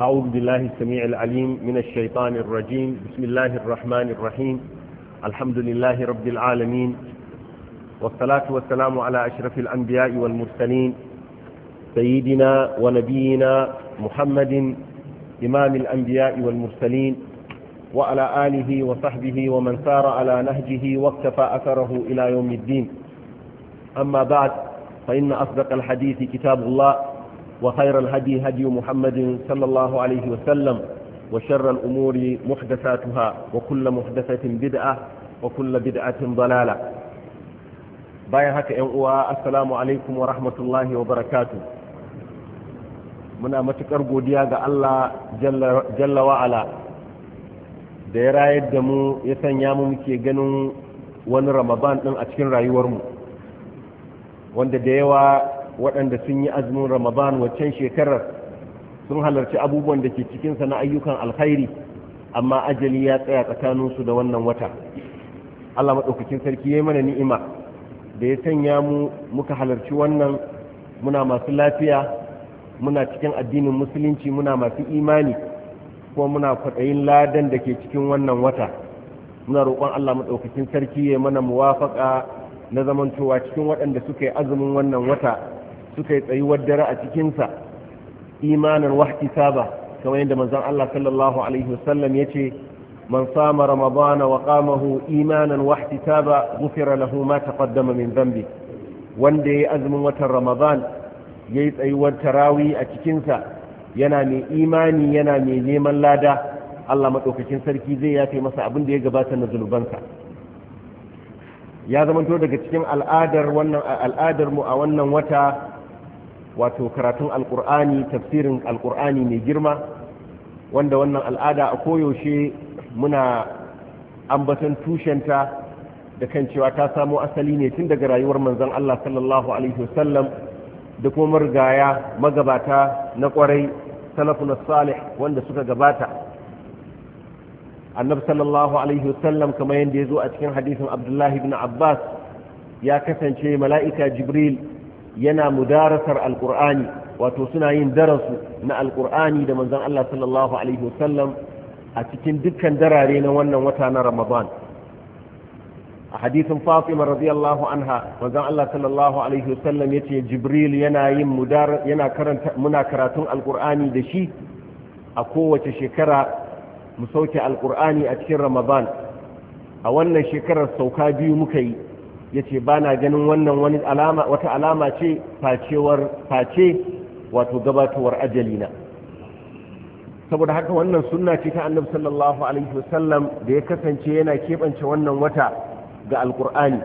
أعوذ بالله السميع العليم من الشيطان الرجيم بسم الله الرحمن الرحيم الحمد لله رب العالمين والصلاة والسلام على أشرف الأنبياء والمرسلين سيدنا ونبينا محمد إمام الأنبياء والمرسلين وعلى آله وصحبه ومن سار على نهجه واكتفى أثره إلى يوم الدين أما بعد فإن أصدق الحديث كتاب الله وخير الهدي هدي محمد صلى الله عليه وسلم وشر الأمور محدثاتها وكل محدثة بدعة وكل بدعة ضلالة bayan haka ‘yan uwa assalamu alaikum wa rahmatullahi wa barakatu muna matukar godiya ga Allah jalla wa'ala da ya rayar da mu ya sanya mu muke ganin wani ramadan ɗin a cikin rayuwarmu wanda da yawa waɗanda sun yi azumin ramadan waccan shekarar sun halarci abubuwan da ke cikinsa na ayyukan alkhairi amma ajali ya tsaya tsakaninsu da wannan wata allah maɗaukakin sarki ya yi mana ni'ima da ya sanya mu muka halarci wannan muna masu lafiya muna cikin addinin musulunci muna masu imani kuma muna kwaɗayin ladan da ke cikin wannan wata muna roƙon allah maɗaukakin sarki ya mana muwafaƙa na zamantowa cikin waɗanda suka yi azumin wannan wata suka yi tsayuwar dare a cikinsa imanin wahti saba kamar yadda manzon Allah sallallahu alaihi wasallam ya ce man sama ramadana wa qamahu imanan wahti saba lahu ma taqaddama min dhanbi wanda yayi azumin watan ramadan yayi tsayuwar tarawi a cikinsa yana mai imani yana mai neman lada Allah madaukakin sarki zai yafe masa abin da ya gabata na zunubansa ya zamanto daga cikin al'adar wannan al'adar mu a wannan wata wato karatun alkur'ani tafsirin alkur'ani mai girma wanda wannan al'ada a koyaushe muna ambatan tushenta da kan cewa ta samo asali ne tun daga rayuwar manzon Allah sallallahu alaihi wasallam da kuma marigaya magabata na kwarai salafun salih wanda suka gabata annab sallallahu alaihi wasallam kamar yadda ya zo a cikin hadisin abdullahi ibn abbas ya kasance mala'ika jibril yana mudarasar alkur'ani wato suna yin darasu na alkur'ani da manzan Allah sallallahu alaihi wasallam a cikin dukkan darare na wannan wata na Ramadan a hadisin Fatima radiyallahu anha manzan Allah sallallahu alaihi wasallam yace Jibril yana yin yana karanta muna karatun alkur'ani da shi a kowace shekara mu sauke alkur'ani a cikin Ramadan a wannan shekarar sauka biyu muka yi ce ba na ganin wannan wani alama wata alama ce facewar face wato gabatowar ajalina saboda haka wannan sunna ce ta annabi sallallahu alaihi wasallam da ya kasance yana keɓance wannan wata ga alkur'ani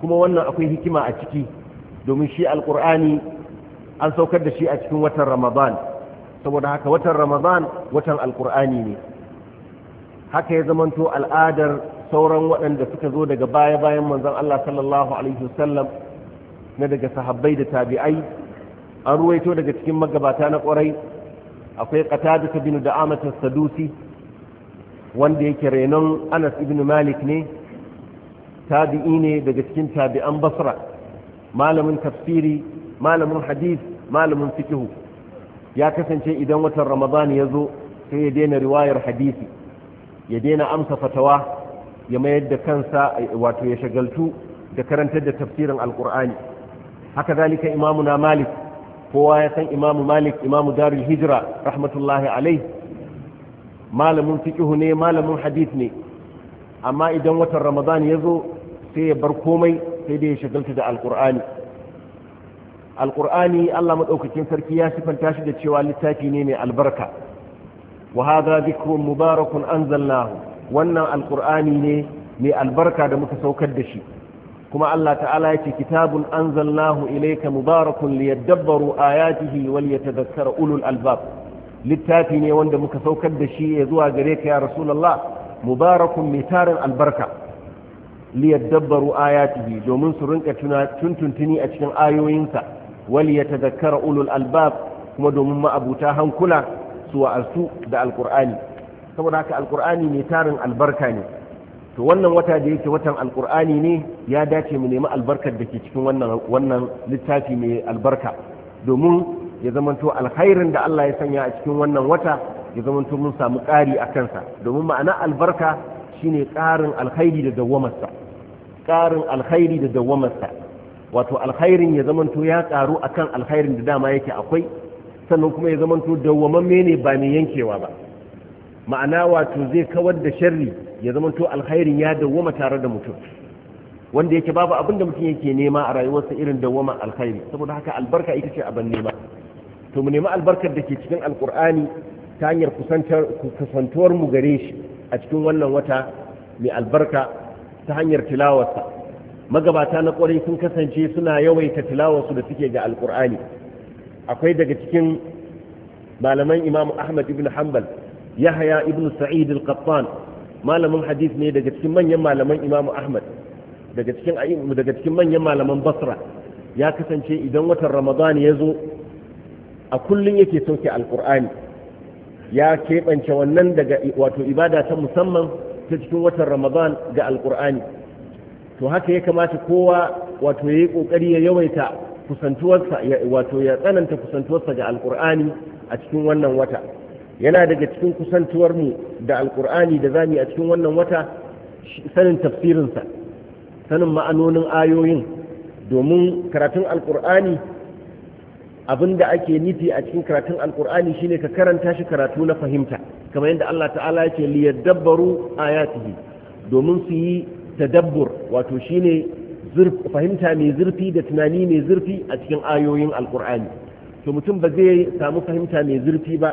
kuma wannan akwai hikima a ciki domin shi alkur'ani an saukar da shi a cikin watan ramadan saboda haka watan ramadan watan alkur'ani ne haka ya zamanto al'adar sauran waɗanda suka zo daga baya bayan manzon Allah sallallahu alaihi wasallam na daga sahabbai da tabi'ai an ruwaito daga cikin magabata na ƙwarai akwai qatada bin da as-sadusi wanda yake renon Anas ibn Malik ne tabi'i ne daga cikin tabi'an Basra malamin tafsiri malamin hadith malamin fikihu ya kasance idan watan Ramadan ya zo sai ya daina riwayar hadisi ya daina amsa fatawa ya mayar da kansa wato ya shagaltu da karantar da tafsirin alkur'ani haka zalika imamuna malik kowa ya san imamu malik imamu darul hijira rahmatullahi alai malamin fiqhu ne malamin hadith ne amma idan watan ramadan ya zo sai ya bar komai sai dai ya shagalta da alkur'ani alkur'ani allah maɗaukakin sarki ya sifanta shi da cewa littafi ne mai albarka wa hadha dhikrun mubarakun anzalnahu wannan alkur'ani ne mai albarka da muka saukar da shi kuma Allah ta'ala ya ce kitabun anzalnahu ilaika mubarakun liyadabbaru ayatihi wal yatadhakkara ulul albab littafi ne wanda muka saukar da shi ya zuwa gare ka ya rasulallah, mubarakun mai tarin albarka liyadabbaru ayatihi domin su rinka tuntuntuni a cikin ayoyinsa wal yatadhakkara ulul albab kuma domin ma'abuta hankula su wa'asu da alkur'ani saboda haka alkur'ani ne tarin albarka ne to wannan wata da yake watan alkur'ani ne ya dace mu nemi albarkar da ke cikin wannan wannan littafi mai albarka domin ya zamanto alkhairin da Allah ya sanya a cikin wannan wata ya zamanto mun samu ƙari a kansa domin ma'ana albarka shine ƙarin alkhairi da dawwamarsa ƙarin alkhairi da dawwamarsa wato alkhairin ya zamanto ya ƙaru akan alkhairin da dama yake akwai sannan kuma ya zamanto dawwamamme ne ba mai yankewa ba ma'ana wato zai kawar da sharri ya zama to alkhairin ya dawoma tare da mutum wanda yake babu abin da mutum yake nema a rayuwarsa irin dawwama alkhairi saboda haka albarka ita ce abin nema to mu nemi albarkar da ke cikin alkur'ani ta hanyar kusantar kusantuwar mu gare shi a cikin wannan wata mai albarka ta hanyar tilawarsa magabata na ƙwarai sun kasance suna yawaita tilawarsu da suke ga alkur'ani akwai daga cikin malaman imam ahmad ibn hanbal yahya ibn sa'id al-qattan malamin hadith ne daga cikin manyan malaman imam ahmad daga cikin daga cikin manyan malaman basra ya kasance idan watan ramadan ya zo a kullun yake sauke alqur'ani ya keɓance wannan daga wato ibada ta musamman ta cikin watan ramadan ga alqur'ani to haka ya kamata kowa wato ya yi kokari ya yawaita kusantuwarsa wato ya tsananta kusantuwarsa ga alkur'ani a cikin wannan wata yana daga cikin kusantuwar mu da alkur'ani da zamu a cikin wannan wata sanin tafsirinsa sanin ma'anonin ayoyin domin karatun alkur'ani abinda ake nufi a cikin karatun alkur'ani shine ka karanta shi karatu na fahimta kamar yadda Allah ta'ala ya ce dabbaru ayatihi domin su yi tadabbur wato shine fahimta mai zurfi da tunani mai zurfi a cikin ayoyin alkur'ani to mutum ba zai samu fahimta mai zurfi ba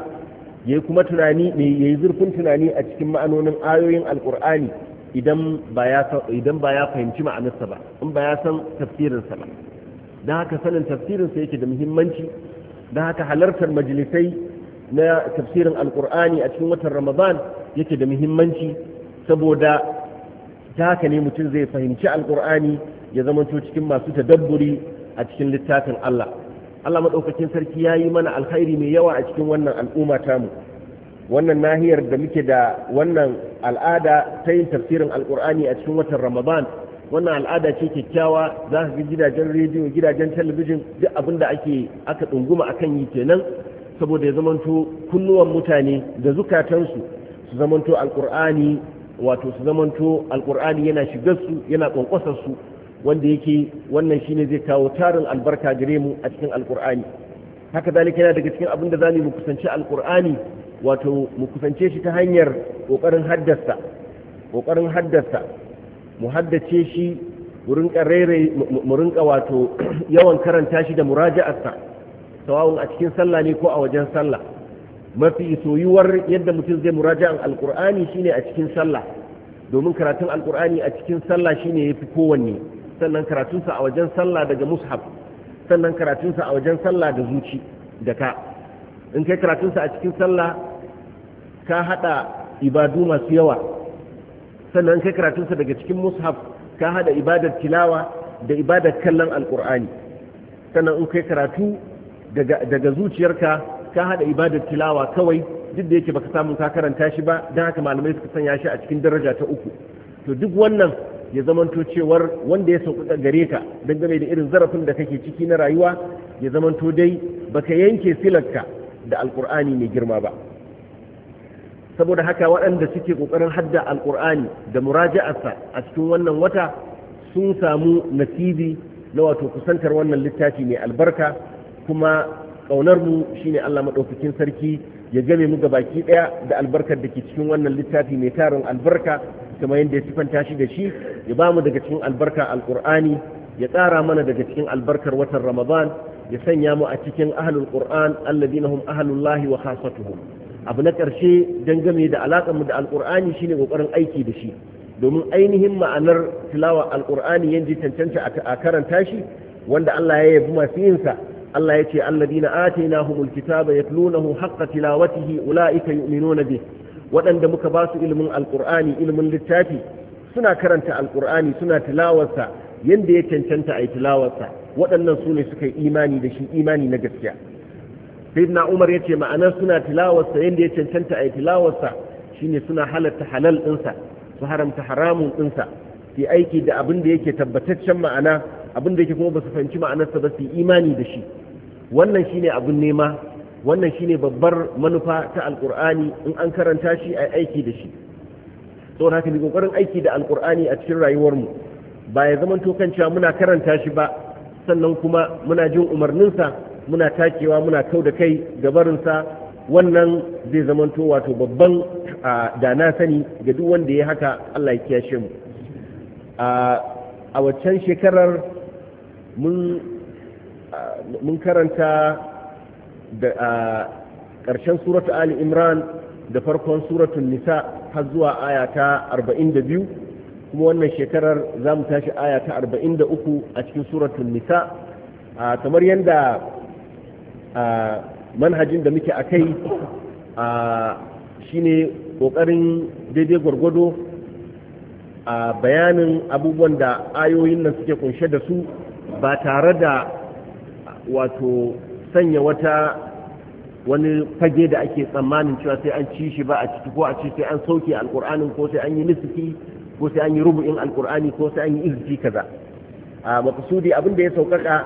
yayi kuma tunani ne yayi zurfin tunani a cikin ma'anonin ayoyin alqur'ani idan ba ya idan ba ya fahimci ma'anarsa ba in ba ya san tafsirinsa ba dan haka sanin tafsirinsa yake da muhimmanci dan haka halartar majalisai na tafsirin alqur'ani a cikin watan ramadan yake da muhimmanci saboda ta haka ne mutum zai fahimci alqur'ani ya zamanto cikin masu tadabburi a cikin littafin Allah Allah madaukakin sarki ya yi mana alkhairi mai yawa a cikin wannan al'umma tamu wannan nahiyar da muke da wannan al'ada ta yin tafsirin alkur'ani a cikin watan ramadan wannan al'ada ce kyakkyawa za ka ga gidajen rediyo gidajen talabijin duk abin da ake aka ɗunguma akan yi kenan saboda ya zamanto kunnuwan mutane da zukatansu su zamanto Alƙur'ani, wato su zamanto Alƙur'ani yana shigar su yana kwankwasar su wanda yake wannan shine zai kawo tarin albarka gare mu a cikin alkur'ani haka zalika yana daga cikin abin da zamu mu kusance alkur'ani wato mu kusance shi ta hanyar kokarin haddasa kokarin haddasa mu haddace shi mu rinka mu rinka wato yawan karanta shi da muraja'arsa tawawun a cikin sallah ne ko a wajen sallah mafi soyuwar yadda mutum zai muraja'an alkur'ani shine a cikin sallah domin karatun alkur'ani a cikin sallah shine yafi kowanne sannan karatunsa a wajen sallah daga mushaf sannan karatunsa a wajen sallah da zuci da ka in kai karatunsa a cikin sallah ka hada ibadu masu yawa sannan kai karatunsa daga cikin mushaf ka hada ibadar tilawa da ibadar kallon alkur'ani sannan in kai karatu daga zuciyarka ka hada ibadar tilawa kawai duk da yake baka samu ka karanta shi ba don haka malamai suka sanya shi a cikin daraja ta uku to duk wannan ya zamanto cewar wanda ya sauka gare ka dangane da irin zarafin da kake ciki na rayuwa ya zamanto dai baka yanke silarka da alkur'ani mai girma ba saboda haka waɗanda suke ƙoƙarin hadda alkur'ani da muraja'arsa a cikin wannan wata sun samu nasibi na wato kusantar wannan littafi mai albarka kuma ƙaunar mu shine Allah maɗaukakin sarki ya game mu baki ɗaya da albarkar da ke cikin wannan littafi mai tarin albarka kamar yadda ya sifanta shi da shi ya ba mu daga cikin albarka Alƙur'ani? ya tsara mana daga cikin albarkar watan ramadan ya sanya mu a cikin ahlul qur'an alladina hum ahlullahi wa khassatuhum abu na ƙarshe dangane da alakar mu da alqur'ani shine kokarin aiki da shi domin ainihin ma'anar tilawa alqur'ani yanzu cancanta a karanta shi wanda Allah ya yabi masu yinsa Allah ya ce alladina atainahumul kitaba yatlunahu haqqa tilawatihi ulaika yu'minuna bih waɗanda muka ba su ilimin alƙur'ani ilimin littafi suna karanta alkur'ani suna tilawarsa yadda ya cancanta a yi tilawarsa waɗannan su ne suka yi imani da shi imani na gaskiya sayyidina umar ya ce ma'anar suna tilawarsa yadda ya cancanta a yi tilawarsa shine suna halatta halal ɗinsa su haramta haramun ɗinsa su aiki da abin da yake tabbataccen ma'ana abin da yake kuma ba su fahimci ma'anarsa ba su yi imani da shi wannan shine abin nema wannan shine babbar manufa ta alkur'ani in an karanta shi a aiki da shi so haka ne kokarin aiki da alkur'ani a cikin rayuwarmu ba ya zaman to cewa muna karanta shi ba sannan kuma muna jin umarninsa muna takewa muna kau da kai ga barinsa wannan zai zamanto wato babban da na sani ga duk wanda ya haka Allah ya kiyashe mu a waccan shekarar mun karanta da ƙarshen suratu ali imran da farkon suratul nisa har zuwa aya ta biyu kuma wannan shekarar za mu tashi aya ta uku a cikin suratun nisa kamar yadda manhajin da muke a kai shi ne ƙoƙarin daidai gwargwado a bayanin abubuwan da ayoyin nan suke kunshe da su ba tare da wato sanya wata wani fage da ake tsammanin cewa sai an ci shi ba a ciki ko a ciki sai an sauke alkur'anin ko sai an yi nisfi ko sai an yi rubu'in alkur'ani ko sai an yi izji kaza a makasudi abin da ya saukaka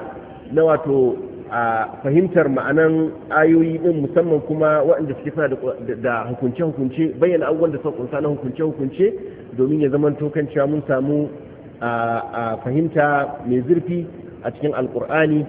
na wato a fahimtar ma'anan ayoyi din musamman kuma waɗanda suke fara da hukunce hukunce bayyana abubuwan da sun na hukunce hukunce domin ya zama tokan cewa mun samu a fahimta mai zurfi a cikin alkur'ani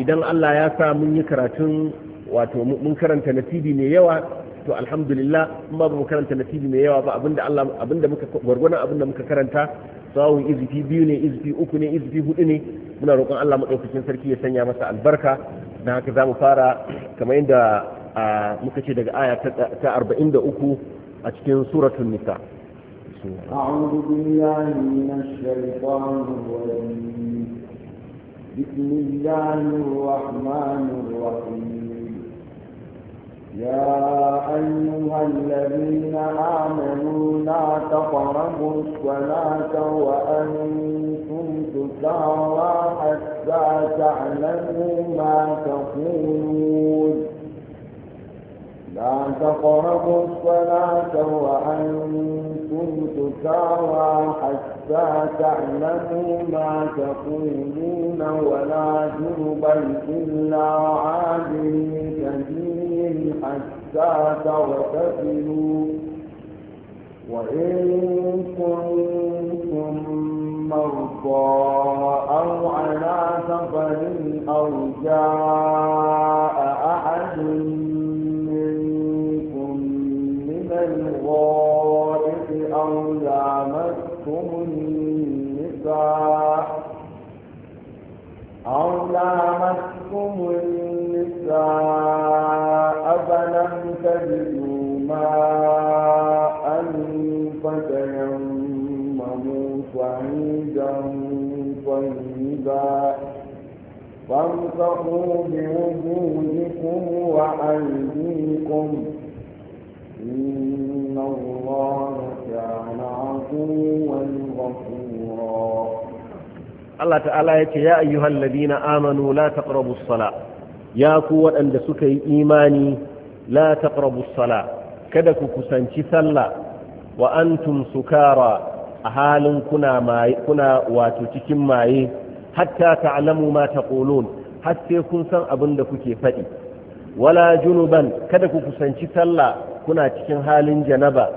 idan allah ya sa mun yi karatun wato mun karanta nasibi mai yawa to alhamdulillah in ba mu karanta nasibi mai yawa ba abinda Allah abinda muka gwargwana abinda muka karanta sawun izifi biyu ne izifi uku ne izifi hudu ne muna roƙon Allah madaukakin sarki ya sanya masa albarka dan haka zamu fara kamar yadda muka ce daga aya ta 43 a cikin suratul nisa أعوذ بالله من الشيطان الرجيم بسم الله الرحمن الرحيم يا أيها الذين آمنوا لا تقربوا الصلاة وأنتم تسارى حتى تعلموا ما تقولون لا تقربوا الصلاة وأنتم تسارى حتى تعلموا ما تقولون ولا جنبا إلا عادل سبيل حتى تغتسلوا وإن كنتم مرضى أو على سفر أو جاء أحد منكم من الغائط أو لامستم النساء أو لامستم النساء أفلم تجدوا ماء فتيمموا صعيدا طيبا فامسحوا بوجوهكم وأيديكم إن الله كان عفوا غفورا الله تعالى يا أيها الذين آمنوا لا تقربوا الصلاة ya ku waɗanda suka yi imani la taqrabu sala kada ku kusanci sallah wa antum sukara a halin kuna maye kuna wato cikin maye hatta ta'lamu ma taqulun har sai kun san abin da kuke faɗi wala junuban kada ku kusanci sallah kuna cikin halin janaba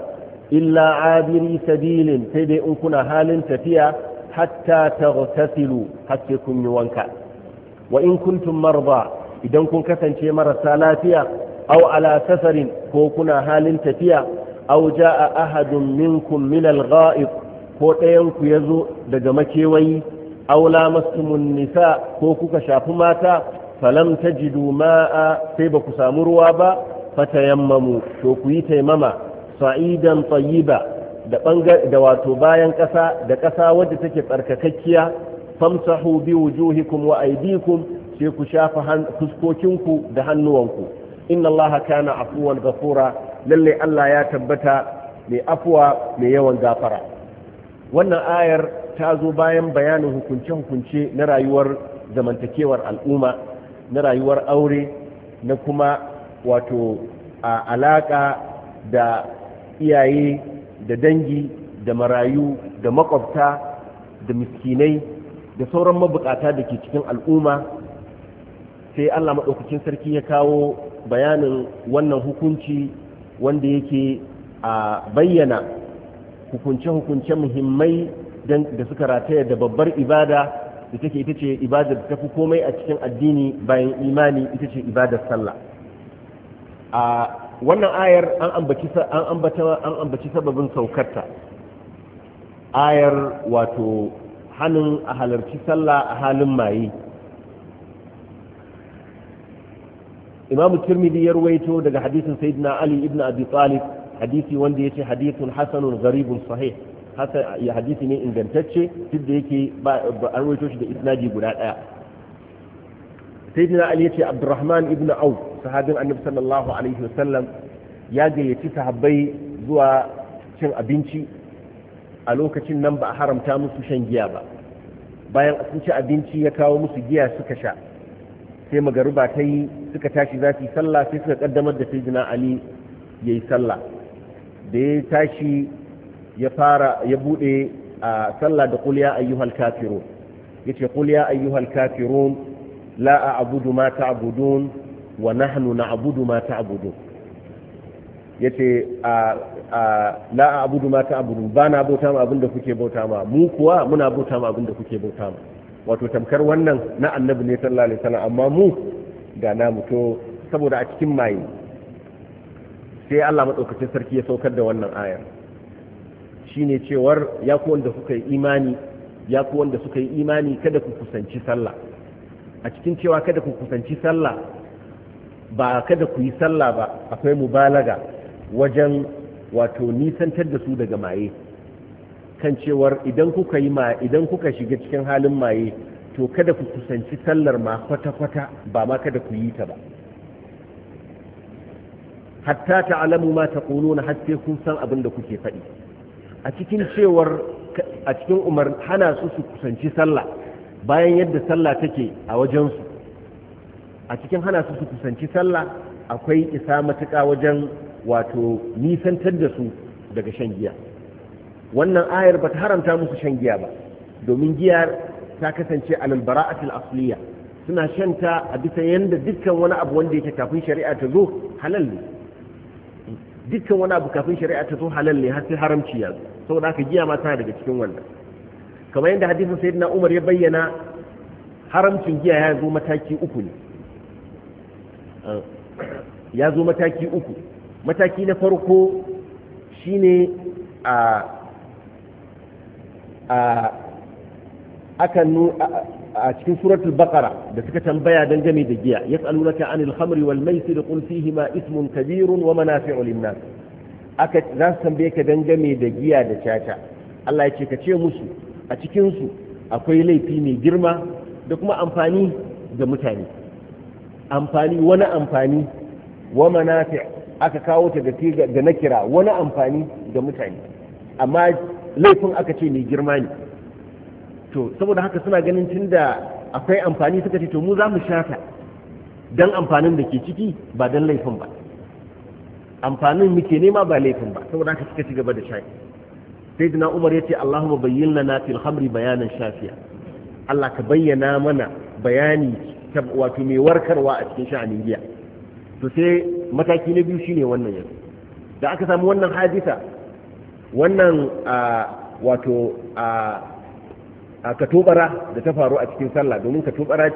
illa abiri sabilin sai dai in kuna halin tafiya hatta taghtasilu har sai kun yi wanka wa in kuntum marda idan kun kasance marasa lafiya aw ala safarin ko kuna halin tafiya aw jaa ahadun minkum min al-gha'ib ko ɗayan ku yazo daga makewayi aw lamastumun nisa ko kuka shafi mata falam tajidu ma'a sai ba ku samu ruwa ba fatayammamu to ku yi taimama sa'idan tayyiba da da wato bayan ƙasa da ƙasa wadda take tsarkakakkiya famsahu bi wujuhikum wa aydikum sai ku shafa fuskokinku da hannuwanku inna allaha kana afuwan gafura, lalle Allah ya tabbata mai afuwa mai yawan gafara wannan ayar ta zo bayan bayanin hukunce-hukunce na rayuwar zamantakewar al'umma na rayuwar aure na kuma wato a alaka da iyaye da dangi da marayu da makwabta da miskinai da sauran mabukata da ke cikin al'umma sai Allah maɗaukakin sarki ya kawo bayanin wannan hukunci wanda yake a bayyana hukunce-hukunce muhimmai da suka rataya da babbar ibada da take ita ce ibada da tafi komai a cikin addini bayan imani ita ce ibadar sallah a wannan ayar an ambaci sababin saukarta ayar wato hannun a halarci sallah a halin maye imamu tirmidhi ya ruwaito daga hadisin sayyidina ali ibn abi talib hadisi wanda yace hadithun hasanun gharibun sahih haka ya hadisi ne ingantacce duk da yake ba an ruwaito shi da isnadi guda daya sayyidina ali yace abdurrahman ibn auf sahabin annabi sallallahu alaihi wasallam ya gayyaci sahabbai zuwa cin abinci a lokacin nan ba a haramta musu shan giya ba bayan sun ci abinci ya kawo musu giya suka sha sai magariba ta yi suka tashi za su yi sallah sai suka kaddamar da sayyidina ali ya yi sallah da ya tashi ya fara ya bude a sallah da qul ya ayyuhal kafirun yace qul ya ayyuhal kafirun la a'budu ma ta'budun wa nahnu na'budu ma ta'budun yace a la a'budu ma ta'budun ba na bauta ma abinda kuke bauta ma mu kuwa muna bauta ma abinda kuke bauta ma wato tamkar wannan na annabi ne sallallahu alaihi wasallam amma mu ga namu to saboda a cikin maye sai Allah madaukakin sarki ya saukar da wannan aya shine cewar ya ku wanda suka yi imani ya ku wanda suka yi imani kada ku kusanci sallah a cikin cewa kada ku kusanci sallah ba kada ku yi sallah ba akwai mubalaga wajen wato nisantar da su daga maye kan cewar idan kuka yi ma idan kuka shiga cikin halin maye to kada ku kusanci sallar ma kwata-kwata ba ma kada ku yi ta ba hatta ta'lamu ma taquluna hatta kun san abin da kuke faɗi a cikin cewar a cikin umar hana su su kusanci sallah bayan yadda sallah take a wajensu a cikin hana su su kusanci sallah akwai isa matuƙa wajen wato nisantar da su daga shan giya wannan ayar ba ta haramta musu shan giya ba domin giya ta kasance alal bara'atul asliya suna shanta a bisa yanda dukkan wani abu wanda yake kafin shari'a ta zo halal ne dukkan wani abu kafin shari'a ta zo halal ne har sai haramci ya zo saboda haka giya ma tana daga cikin wannan kamar yadda hadisin sayyidina Umar ya bayyana haramcin giya ya zo mataki uku ne ya zo mataki uku mataki na farko shine a ah, aka a cikin suratul baqara da suka tambaya dangane da giya yas'alunaka anil khamri wal maisir qul ma ismun kabirun wa manafi'u lin-nas aka za su tambaye ka dangane da giya da caca Allah ya ce ka ce musu a cikin su akwai laifi mai girma da kuma amfani ga mutane amfani wani amfani wa manafi' aka kawo ta ga ga nakira wani amfani ga mutane amma laifin aka ce mai girma ne to saboda haka suna ganin da akwai amfani suka ce to mu za mu shata don amfanin da ke ciki ba don laifin ba amfanin muke nema ba laifin ba saboda haka suka ci gaba da shafi sai dina umar ya ce allahumma bayyin lana fil khamri bayanan shafiya allah ka bayyana mana bayani wato mai warkarwa a cikin sha'anin giya to sai mataki na biyu shine wannan yanzu da aka samu wannan hadisa wannan wato a katobara da ta faru a cikin sallah domin katobara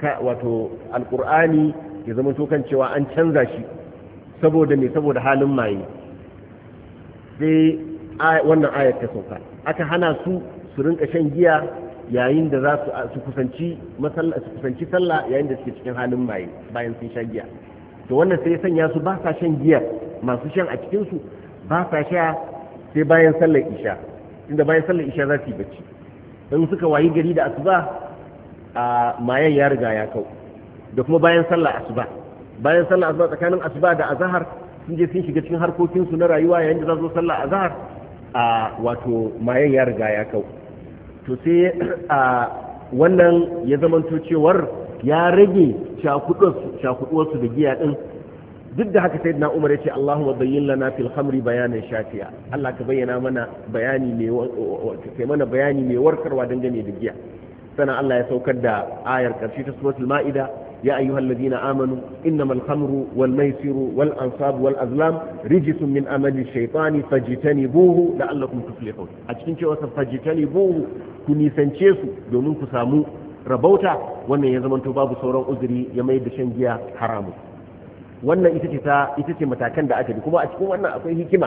ce wato alkur'ani ya zama tokan cewa an canza shi saboda mai saboda halin maye sai wannan ayat ta sauka aka hana su su rinka shan giya yayin da za su kusanci su kusanci sallah yayin da suke cikin halin maye bayan sun sha giya to wannan sai ya sanya su ba sa shan giya masu shan a cikin su ba sa sha sai bayan sallar isha inda bayan sallar isha za su yi bacci in suka wayi gari da asuba a mayan ya riga ya kau da kuma bayan sallar asuba bayan sallar asuba tsakanin asuba da azahar sun je sun shiga cikin harkokinsu na rayuwa yayin da za su sallar azahar a wato mayan ya riga ya kau to sai a wannan ya zamanto cewar ya rage cakuduwarsu da giya din duk da haka sayyidina umar ya ce allahumma bayyin lana fil khamri bayanan shafiya allah ka bayyana mana bayani mai kai mana bayani mai warkarwa dangane da giya sana allah ya saukar da ayar karshe ta suratul ma'ida ya ayyuhal ladina amanu innamal khamru wal maisiru wal ansab wal azlam rijsun min amali shaytani fajtanibuhu la'allakum tuflihun a cikin cewa fajtanibuhu ku nisance su domin ku samu rabauta wannan ya zamanto babu sauran uzuri ya mai da shan giya haramun wannan ita ce ta ita ce matakan da aka bi kuma a cikin wannan akwai hikima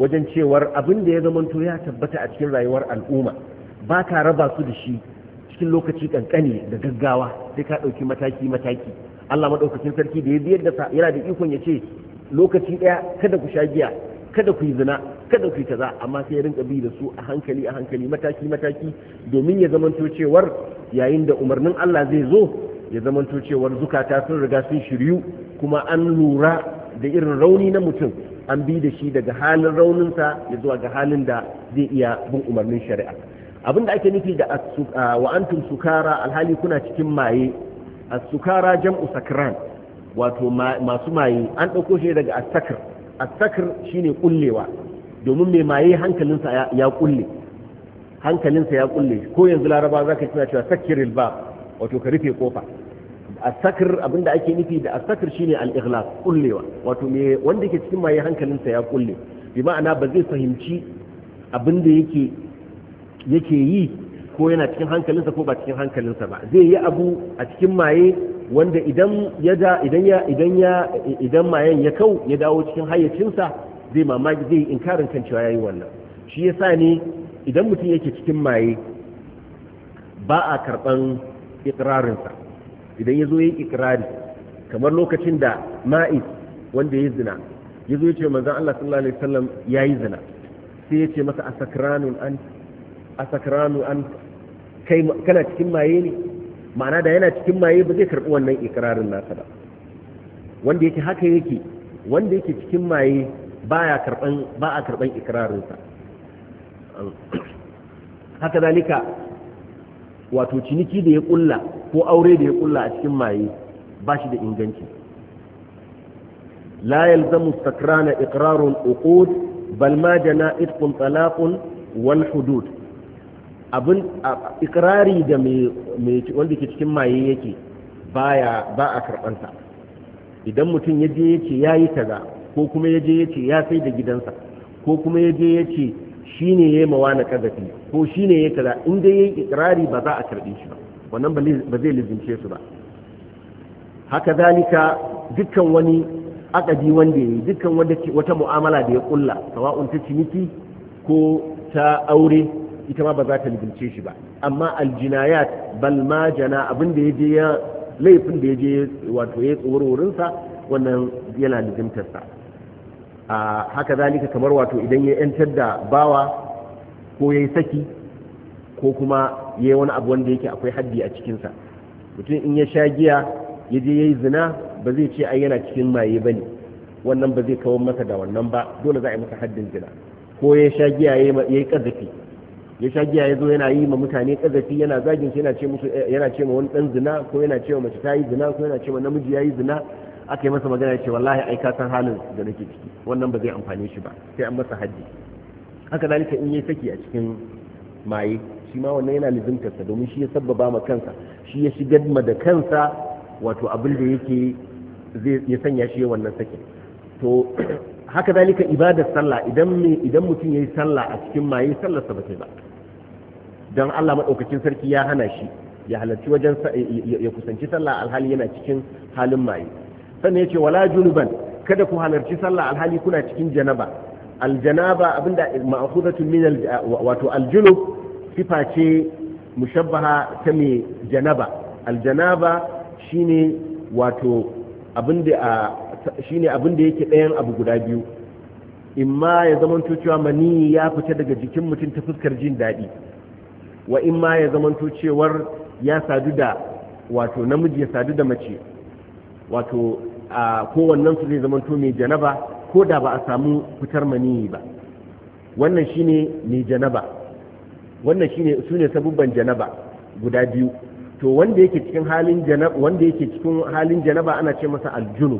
wajen cewar abin da ya zamanto ya tabbata a cikin rayuwar al'umma ba ka raba su da shi cikin lokaci kankani da gaggawa sai ka ɗauki mataki mataki Allah maɗaukakin sarki da ya biyar da yana da ikon ya ce lokaci ɗaya kada ku sha giya kada ku yi zina kada ku yi kaza amma sai ya rinka bi da su a hankali a hankali mataki mataki domin ya zamanto cewar yayin da umarnin Allah zai zo ya zamanto cewar zukata sun riga sun shiryu kuma an lura da irin rauni na mutum an bi da shi daga halin rauninsa ya zuwa ga halin da zai iya bin umarnin shari'a abinda ake nufi da wa antum sukara alhali kuna cikin maye a sukara jam'u sakran wato masu maye an ɗauko shi daga as-sakr shine kullewa domin mai maye hankalinsa ya ƙulle hankalinsa ya kulle ko yanzu laraba za ka cewa sakirin ba wato ka rufe kofa asakir abinda ake nufi da asakir shine al-ikhlas kullewa wato me wanda yake cikin maye hankalinsa ya kulle bi ma'ana ba zai fahimci abinda yake yake yi ko yana cikin hankalinsa ko ba cikin hankalinsa ba zai yi abu a cikin maye wanda idan ya da idan ya idan ya idan mayen ya kau ya dawo cikin hayyacinsa zai mamaki zai inkarin kan cewa yayi wannan shi yasa ne idan mutum yake cikin maye ba a karban ikrarinsa idan ya zo yin yi ikirari kamar lokacin da ma'is wanda ya zina ya zo ya ce manzan Allah sallallahu alaihi wasallam ya yi zina sai ya ce masa asakranun an asakranu an kai kana cikin maye ne ma'ana da yana cikin maye ba zai karɓi wannan ikirarin nasa ba wanda yake haka yake wanda yake cikin maye baya karban ba a karɓan ikirarinsa haka zalika wato ciniki da ya kulla ko aure da ya kulla a cikin maye ba shi da inganci la yalzamu sakrana iqrarul uqud bal ma jana talaqun wal hudud abin ikrari da mai wanda ke cikin maye yake baya ba a karbanta idan mutum ya je ya ce ya yi kaza ko kuma ya je ya ya sai da gidansa ko kuma ya je ya shi ne ya yi mawa na kazafi ko shi ne ya kaza in dai ya yi ikirari ba za a karɓe shi ba wannan ba zai lizince su ba haka zalika dukkan wani akadi wanda ya yi dukkan wata mu'amala da ya kulla sawa'un ta ciniki ko ta aure ita ma ba za ta lizince shi ba amma aljinayat bal ma jana abin da ya je ya laifin da ya je wato ya wurinsa wannan yana lizintarsa haka zalika kamar wato idan ya yantar da bawa ko ya saki ko kuma ya yi wani abu wanda yake akwai haddi a cikinsa mutum in ya sha giya ya je ya yi zina ba zai ce ai yana cikin maye ba ne wannan ba zai kawo masa da wannan ba dole za a yi masa haddin zina ko ya sha giya ya yi kazafi ya sha giya ya zo yana yi ma mutane kazafi yana zagin shi yana ce eh, yana ce ma wani dan zina ko yana ce ma mace ta yi zina ko yana ce ma namiji ya yi zina aka yi masa magana ya ce wallahi ai ka san halin da nake ciki wannan ba zai amfane shi ba sai an masa haji haka dalika in yi saki a cikin maye shi ma wannan yana lizimtarsa domin shi ya sabbaba ma kansa shi ya shigar ma da kansa wato abin da yake zai ya sanya shi wannan sakin to haka dalika ibadar sallah idan idan mutum yayi sallah a cikin maye sallarsa ba ta ba dan Allah madaukakin sarki ya hana shi ya halarci wajen ya kusanci sallah alhali yana cikin halin maye sannan ce wala junuban kada ku halarci sallah alhali kuna cikin janaba aljanaba abinda ma'khudatun min wato aljunub sifa ce mushabbaha ta mai janaba aljanaba shine wato abinda shine abinda yake ɗayan abu guda biyu imma ya zamanto cewa mani ya fita daga jikin mutum ta fuskar jin daɗi wa imma ya zamanto cewar ya sadu da wato namiji ya sadu da mace wato a kowannen su zai zamanto mai janaba ko da ba a samu fitar mani ba wannan shine mai janaba wannan shine ne sabubban janaba guda biyu to wanda yake cikin halin janaba wanda yake cikin halin janaba ana ce masa aljunu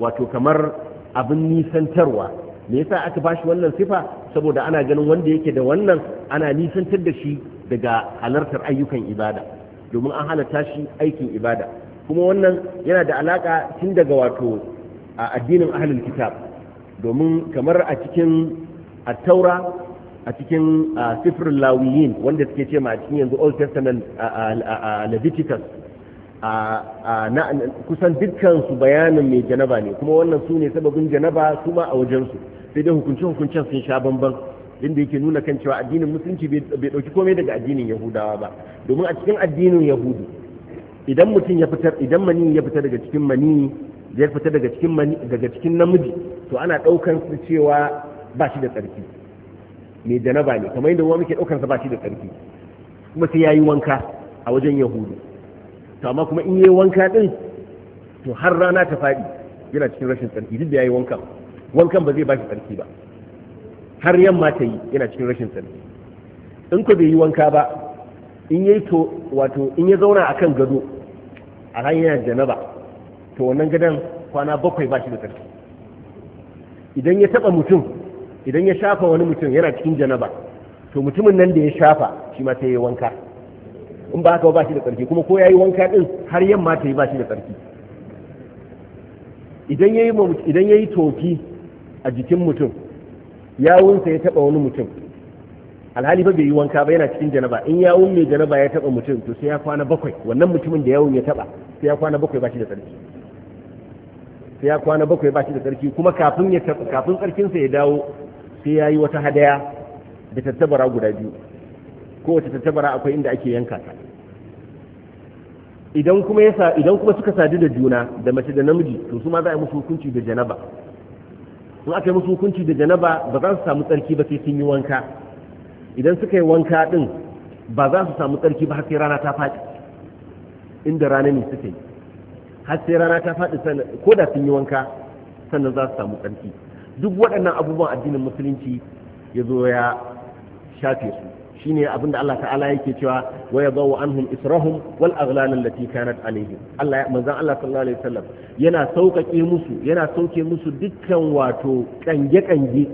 wato kamar abin nisantarwa me yasa aka bashi wannan sifa saboda ana ganin wanda yake da wannan ana nisantar da shi daga halartar ayyukan ibada domin an halatta shi aikin ibada kuma wannan yana da alaka tun daga wato a addinin ahlul kitab domin kamar a cikin attaura a cikin sifirin lawiyin wanda suke cewa a cikin yanzu old testament a leviticus kusan dukkan su bayanin mai janaba ne kuma wannan su ne sababin janaba su ma a wajensu sai dai hukunce-hukuncen sun sha bamban inda yake nuna kan cewa addinin musulunci bai ɗauki komai daga addinin yahudawa ba domin a cikin addinin yahudu idan mutum ya fitar idan mani ya fita daga cikin mani ya fita daga cikin mani daga cikin namiji to ana daukan su cewa ba shi da tsarki mai janaba ne kamar yadda wani muke daukan sa ba shi da tsarki kuma sai yayi wanka a wajen yahudu to amma kuma in yayi wanka din to har rana ta fadi yana cikin rashin tsarki duk da yayi wankan wankan ba zai ba shi tsarki ba har yamma ta yi yana cikin rashin tsarki in ko bai yi wanka ba in yayi to wato in ya zauna akan gado a hanyar janaba to wannan gidan kwana bakwai ba shi da tsarki idan ya taba mutum idan ya shafa wani mutum yana cikin janaba to mutumin nan da ya shafa shi ma sai ya wanka in ba haka ba shi da tsarki kuma ko ya yi wanka din har yamma ta yi ba shi da tsarki idan ya yi toki a jikin mutum yawunsa ya taba wani mutum alhali ba bai yi wanka ba yana cikin janaba in yawun mai janaba ya taba mutum to sai ya kwana bakwai wannan mutumin da yawun ya taba sai ya kwana bakwai ba shi da tsarki sai ya kwana bakwai ba shi da sarki kuma kafin ya kafin tsarkinsa ya dawo sai ya yi wata hadaya da tattabara guda biyu kowace tattabara akwai inda ake yanka ta idan kuma ya idan kuma suka sadu da juna da mace da namiji to su ma za a yi musu hukunci da janaba in aka yi musu hukunci da janaba ba za su samu tsarki ba sai sun yi wanka idan suka yi wanka din ba za su samu tsarki ba har sai rana ta faɗi inda rana ne suka yi har sai rana ta faɗi ko da sun yi wanka sannan za su samu tsarki duk waɗannan abubuwan addinin musulunci ya zo ya shafe su Shi ne abin da Allah ta'ala yake cewa wa an anhum israhum wal aghlal allati kanat alaihim Allah Allah sallallahu alaihi wasallam yana sauƙaƙe musu yana sauke musu dukkan wato kange kange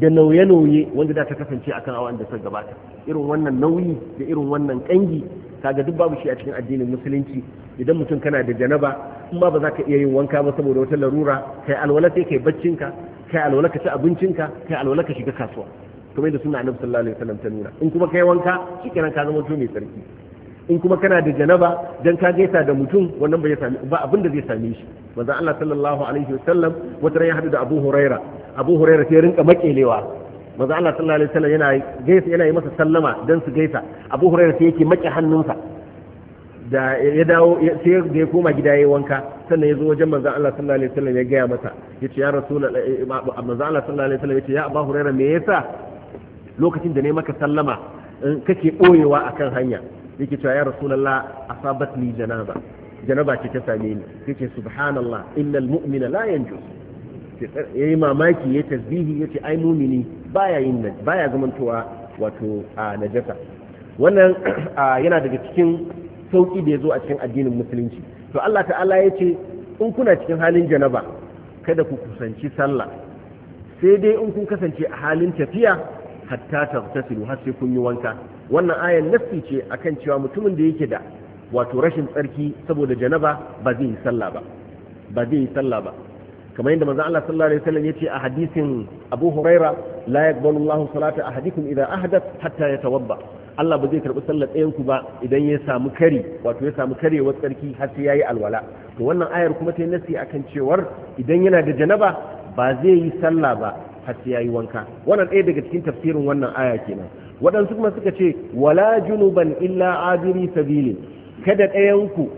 da nauye nauye wanda da ta kasance akan awan da ta gabata irin wannan nauyi da irin wannan kangi kaga duk babu shi a cikin addinin musulunci idan mutum kana da janaba in ba za ka iya yin wanka ba saboda wata larura kai alwala sai kai baccinka kai alwala ka ci abincinka kai alwala ka shiga kasuwa kamar yadda suna annabi sallallahu alaihi wasallam ta nuna in kuma kai wanka shikenan ka zama mutum mai sarki in kuma kana da janaba dan ka gaisa da mutum wannan bai sami ba abin da zai same shi manzo Allah sallallahu alaihi wasallam wata ran ya hadu da Abu Huraira Abu Huraira sai rinka makelewa manzo Allah sallallahu alaihi wasallam yana gaisa yana yi masa sallama dan su gaisa Abu Hurairah sai yake maki hannunsa da ya dawo sai da ya koma gida yayi wanka sannan ya zo wajen manzo Allah sallallahu alaihi wasallam ya gaya masa yace ya rasul eh, manzo Allah sallallahu alaihi wasallam yace ya Abu Hurairah me yasa lokacin da ne maka sallama kake boyewa akan hanya yake cewa ya rasulullah asabatni janaba janaba ce ta same ni kace subhanallah innal mu'mina la yanjus ya yi mamaki ya tasbihi ya ce ai mumini baya yin baya zamantowa wato a najasa wannan yana daga cikin sauki da ya zo a cikin addinin musulunci to Allah ta'ala ya ce in kuna cikin halin janaba kada ku kusanci sallah sai dai in kun kasance a halin tafiya hatta ta tagtasilu har sai kun yi wanka wannan ayan nafi ce akan cewa mutumin da yake da wato rashin tsarki saboda janaba ba zai yi sallah ba ba zai yi sallah ba kamar yadda manzo Allah sallallahu alaihi wasallam yace a hadisin Abu Huraira la yaqbalu Allahu salata ahadikum idza ahdath hatta yatawadda Allah ba zai karbi sallar ɗayan ku ba idan ya samu kari wato ya samu karewar tsarki har sai yayi alwala to wannan ayar kuma ta nasi akan cewar idan yana da janaba ba zai yi sallah ba har sai yayi wanka wannan ɗaya daga cikin tafsirin wannan aya kenan waɗansu kuma suka ce wala junuban illa abiri sabili kada ɗayan ku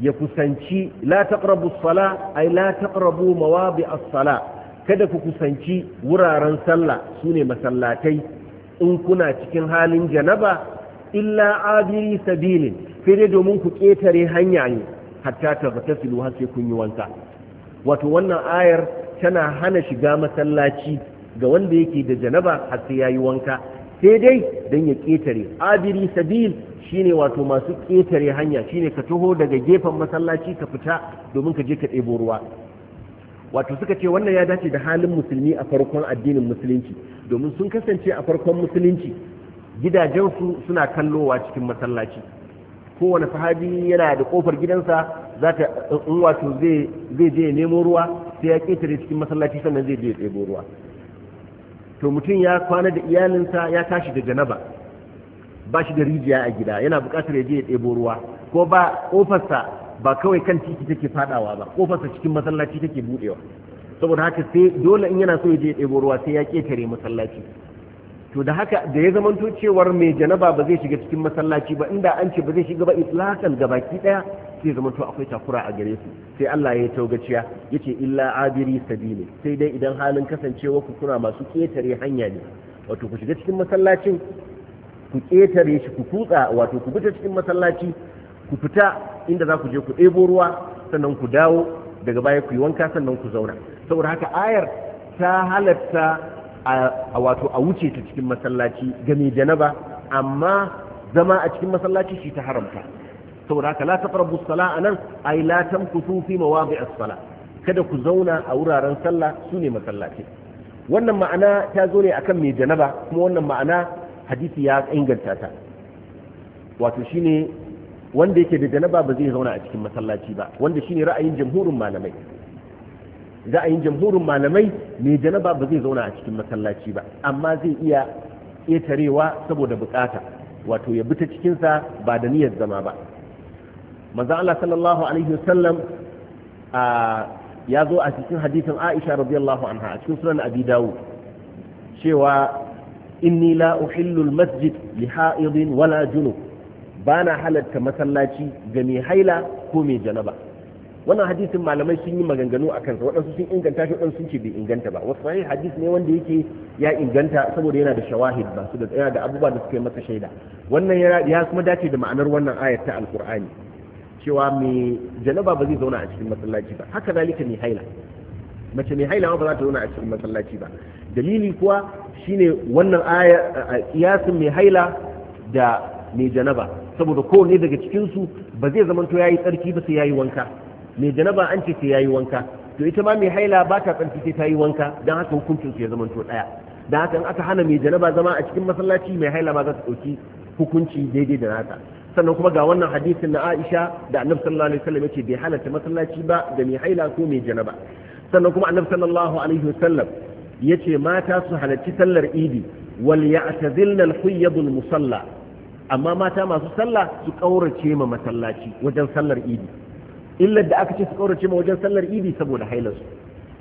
ya kusanci la taqrabu as-sala ay la taqrabu mawabi as kada ku kusanci wuraren sallah sune masallatai in kuna cikin halin janaba illa abiri sabilin sai dai domin ku ketare hanya ne hatta taghtasilu har sai kun yi wanka wato wannan ayar tana hana shiga masallaci ga wanda yake da janaba har sai yayi wanka sai dai dan ya ketare abiri sabil shine wato masu ƙetare hanya shine ka taho daga gefen masallaci ka fita domin ka je ka ɗebo ruwa wato suka ce wannan ya dace da halin musulmi a farkon addinin musulunci domin sun kasance a farkon musulunci gidajensu suna kallowa cikin masallaci kowane sahabi yana da kofar gidansa za ta in wato zai je nemo ruwa sai ya ƙetare cikin masallaci sannan zai je ɗebo ruwa to mutum ya kwana da iyalinsa ya tashi da janaba ba shi da rijiya a gida yana buƙatar ya je ya ɗebo ruwa ko ba ƙofarsa ba kawai kan titi take faɗawa ba ƙofarsa cikin masallaci take buɗewa saboda haka sai dole in yana so ya je ya ɗebo ruwa sai ya ƙetare masallaci to da haka da ya zamanto cewar mai janaba ba zai shiga cikin masallaci ba inda an ce ba zai shiga ba itlaqan gabaki daya sai zamanto akwai takura a gare su sai Allah ya taugaciya yace illa abiri sabili sai dai idan halin kasancewa ku kuna masu ketare hanya ne wato ku shiga cikin masallacin ku ƙetare shi ku kutsa wato ku fita cikin masallaci ku fita inda za ku je ku ɗebo ruwa sannan ku dawo daga baya ku yi wanka sannan ku zauna saboda haka ayar ta halatta a wato a wuce ta cikin masallaci ga mai ba amma zama a cikin masallaci shi ta haramta saboda haka la taqrabu nan a nan, ay la tamkutu fi mawadi' as-sala kada ku zauna a wuraren sallah su ne masallaci wannan ma'ana ta zo ne akan mai janaba kuma wannan ma'ana hadisi ya inganta ta wato shine wanda yake da janaba ba zai zauna a cikin masallaci ba wanda shine ra'ayin jamhurin malamai ra'ayin jamhurin malamai mai janaba ba zai zauna a cikin masallaci ba amma zai iya ƙetarewa saboda bukata wato ya bi ta cikinsa ba da niyyar zama ba manzo Allah sallallahu alaihi wasallam ya zo a cikin hadisin Aisha radiyallahu anha a cikin sunan Abi Dawud cewa inni la uhillul masjid li ha'idin wala junub bana halatta masallaci ga mai haila ko mai janaba wannan hadisin malamai sun yi maganganu a kansa waɗansu sun inganta shi waɗansu sun ce bai inganta ba wasu sahih hadis ne wanda yake ya inganta saboda yana da shawahid ba su da tsaya da abubuwa da suka yi masa shaida wannan ya kuma dace da ma'anar wannan ayat ta alqur'ani cewa mai janaba ba zai zauna a cikin masallaci ba haka zalika mai haila mace mai haila ba za ta zauna a cikin masallaci ba dalili kuwa shine wannan aya kiyasin mai haila da mai janaba saboda ne daga cikin su ba zai zama to yayi tsarki ba sai yayi wanka mai janaba an ce sai yayi wanka to ita ma mai haila ba ta tsarki sai ta yi wanka dan haka hukuncin su ya zama to daya dan haka in aka hana mai janaba zama a cikin masallaci mai haila ba za ta dauki hukunci daidai da nata sannan kuma ga wannan hadisin na Aisha da Annabi sallallahu alaihi wasallam yace bai halatta masallaci ba da mai haila ko mai janaba sannan kuma annabi sallallahu alaihi wasallam yace mata su halarci sallar idi wal ya'tazilna al-huyyadul musalla amma mata masu sallah su kaurace ma masallaci wajen sallar idi illar da aka ce su kaurace ma wajen sallar idi saboda hailarsu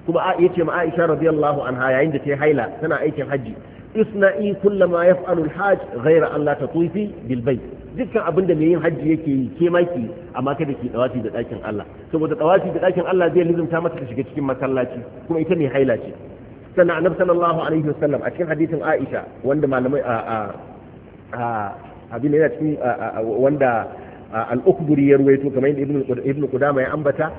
kuma a yace ma Aisha radiyallahu anha yayin da ta yi haila tana aikin hajji. isna'i kulla ma yaf'alu al-hajj ghayra an la tatufi bil bayt dukkan abin da mai yin hajji yake yi ke maki amma kada ki dawafi da dakin Allah saboda dawafi da dakin Allah zai lizumta mata ta shiga cikin masallaci kuma ita ne haila ce sannan annabi sallallahu alaihi wasallam a cikin hadisin Aisha wanda malamai a a abin yana cikin wanda al-ukburi ya ruwaito kamar yadda ibnu qudama ya ambata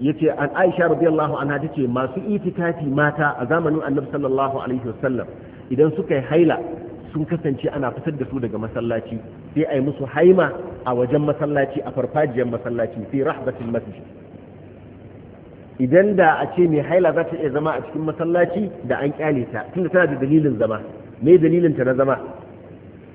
yace an Aisha radiyallahu anha tace masu itikafi mata a zamanin annabi sallallahu alaihi wasallam idan suka yi haila sun kasance ana fitar da su daga masallaci sai a yi musu haima a wajen masallaci a farfajiyar masallaci sai rahbatin masjid idan da a ce mai haila za ta iya zama a cikin masallaci da an kyale ta tunda tana da dalilin zama me dalilin ta na zama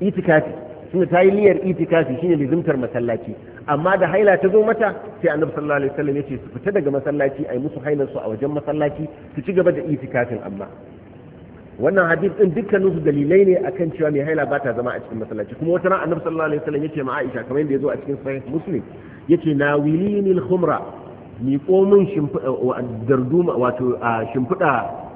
itikafi tunda ta yi niyyar itikafi shine lizimtar masallaci amma da haila ta zo mata sai annabi sallallahu alaihi wasallam ya ce su fita daga masallaci a yi musu hailar su a wajen masallaci su ci gaba da itikafin amma wannan hadis din dukkanin su dalilai ne akan cewa mai haila ba ta zama a cikin masallaci kuma wata ran annabi sallallahu alaihi wasallam yace ma Aisha kamar yadda yazo a cikin sahih muslim yace na al-khumra min komin darduma wato shimfida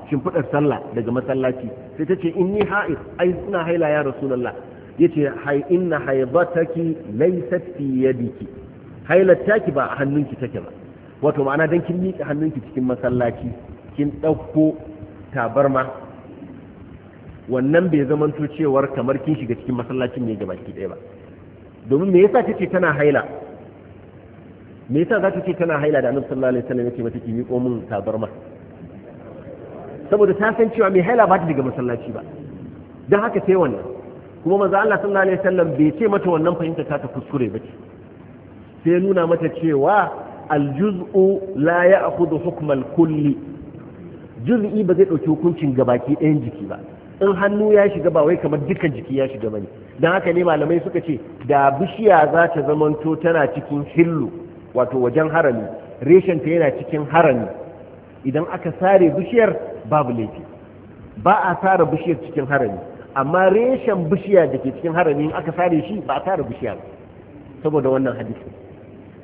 shimfidar sallah daga masallaci sai tace inni ha'id ai ina haila ya rasulullah yace hay inna haidataki laysat fi yadiki hailattaki ba a hannunki take ba wato ma'ana dan kin miƙa hannunki cikin masallaci kin ɗauko tabarma wannan bai zamanto cewar kamar kin shiga cikin masallacin ne ga baki ɗaya ba domin me yasa kace tana haila me yasa za ta ce tana haila da annabi sallallahu alaihi wasallam yake mata ki miƙo min tabarma saboda ta san cewa me haila ba ta daga masallaci ba don haka sai wannan kuma manzo Allah sallallahu alaihi wasallam bai ce mata wannan fahimta ta ta kuskure ba sai nuna mata cewa aljuz'u la ya'khudhu hukmal kulli juz'i ba zai dauki hukuncin gabaki ɗayan jiki ba in hannu ya shiga ba wai kamar dukkan jiki ya shiga bane don haka ne malamai suka ce da bishiya za ta zamanto tana cikin hillu wato wajen harami reshen ta yana cikin harami idan aka sare bishiyar babu laifi ba a sare bishiyar cikin harami amma reshen bishiya da ke cikin harami in aka sare shi ba a sare bishiya saboda wannan hadisi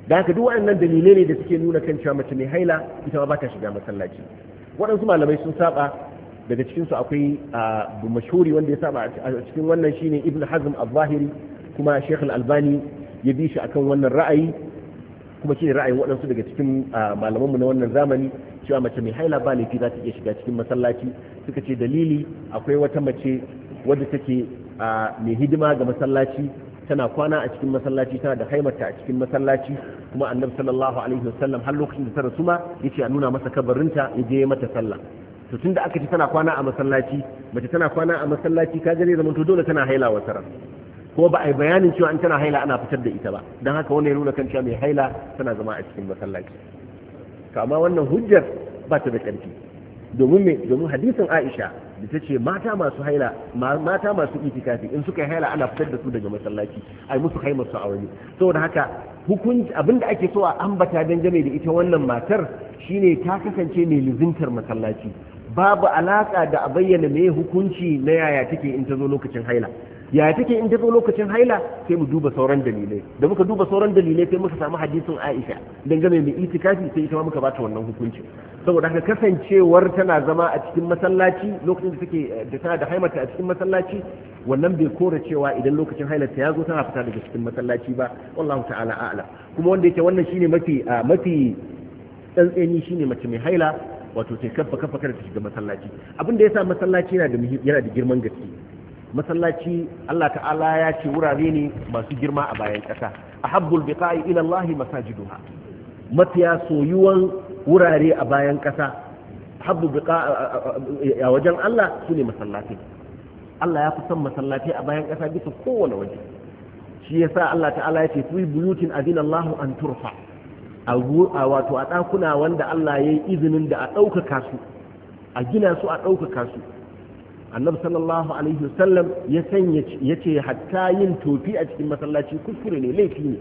da haka duk waɗannan dalilai ne da suke nuna kan cewa mace mai haila ita ba ta shiga masallaci waɗansu malamai sun saba daga su akwai mashhuri wanda ya saba a cikin wannan shine ibn hazm al-zahiri kuma sheikh al-albani ya bi shi akan wannan ra'ayi kuma shine ra'ayin waɗansu daga cikin malamanmu na wannan zamani cewa mace mai haila ba laifi za ta iya shiga cikin masallaci suka ce dalili akwai wata mace wadda take mai hidima ga masallaci tana kwana a cikin masallaci tana da haimarta a cikin masallaci kuma annabi sallallahu alaihi wasallam har lokacin da ta rasu ma yace a nuna masa kabarinta ya je mata sallah to da aka ci tana kwana a masallaci mace tana kwana a masallaci ka gane zaman to dole tana haila wata ran ko ba a yi bayanin cewa an tana haila ana fitar da ita ba don haka wannan ya nuna kan cewa mai haila tana zama a cikin masallaci amma wannan hujjar ba ta da ƙarfi domin me domin hadisin Aisha da ta ce mata masu haila mata masu itikafi in suka yi haila ana fitar da su daga masallaci ai musu haimar su a wani saboda haka hukunci abinda ake so a ambata dangane da ita wannan matar shine ta kasance mai lizintar masallaci babu alaka da a bayyana me hukunci na yaya take in ta zo lokacin haila yaya take in ta zo lokacin haila sai mu duba sauran dalilai da muka duba sauran dalilai sai muka samu hadisin Aisha game da itikafi sai ita ma muka bata wannan hukunci saboda haka kasancewar tana zama a cikin masallaci lokacin da take da tana da haimata a cikin masallaci wannan bai kora cewa idan lokacin haila ta yazo, tana fita daga cikin masallaci ba wallahu ta'ala a'la kuma wanda yake wannan shine mafi mafi tsantseni shine mace mai haila wato sai kafa kafa kada ta shiga masallaci abin da yasa masallaci yana da yana da girman gaske masallaci Allah ta'ala ya ce wurare ne masu girma a bayan ƙasa ahabbul biqa'i ila Allah masajiduha mafiya soyuwan wurare a bayan ƙasa habbu biqa'a a wajen Allah sune masallaci Allah ya fi son masallaci a bayan ƙasa bisa kowane waje shi yasa Allah ta'ala ya ce fi buyutin adina Allah an turfa a wato a ɗakuna wanda Allah ya yi izinin da a ɗaukaka su a gina su a ɗaukaka su annabi sallallahu alaihi wasallam ya sanya ya ce hatta yin tofi a cikin masallaci kuskure ne laifi ne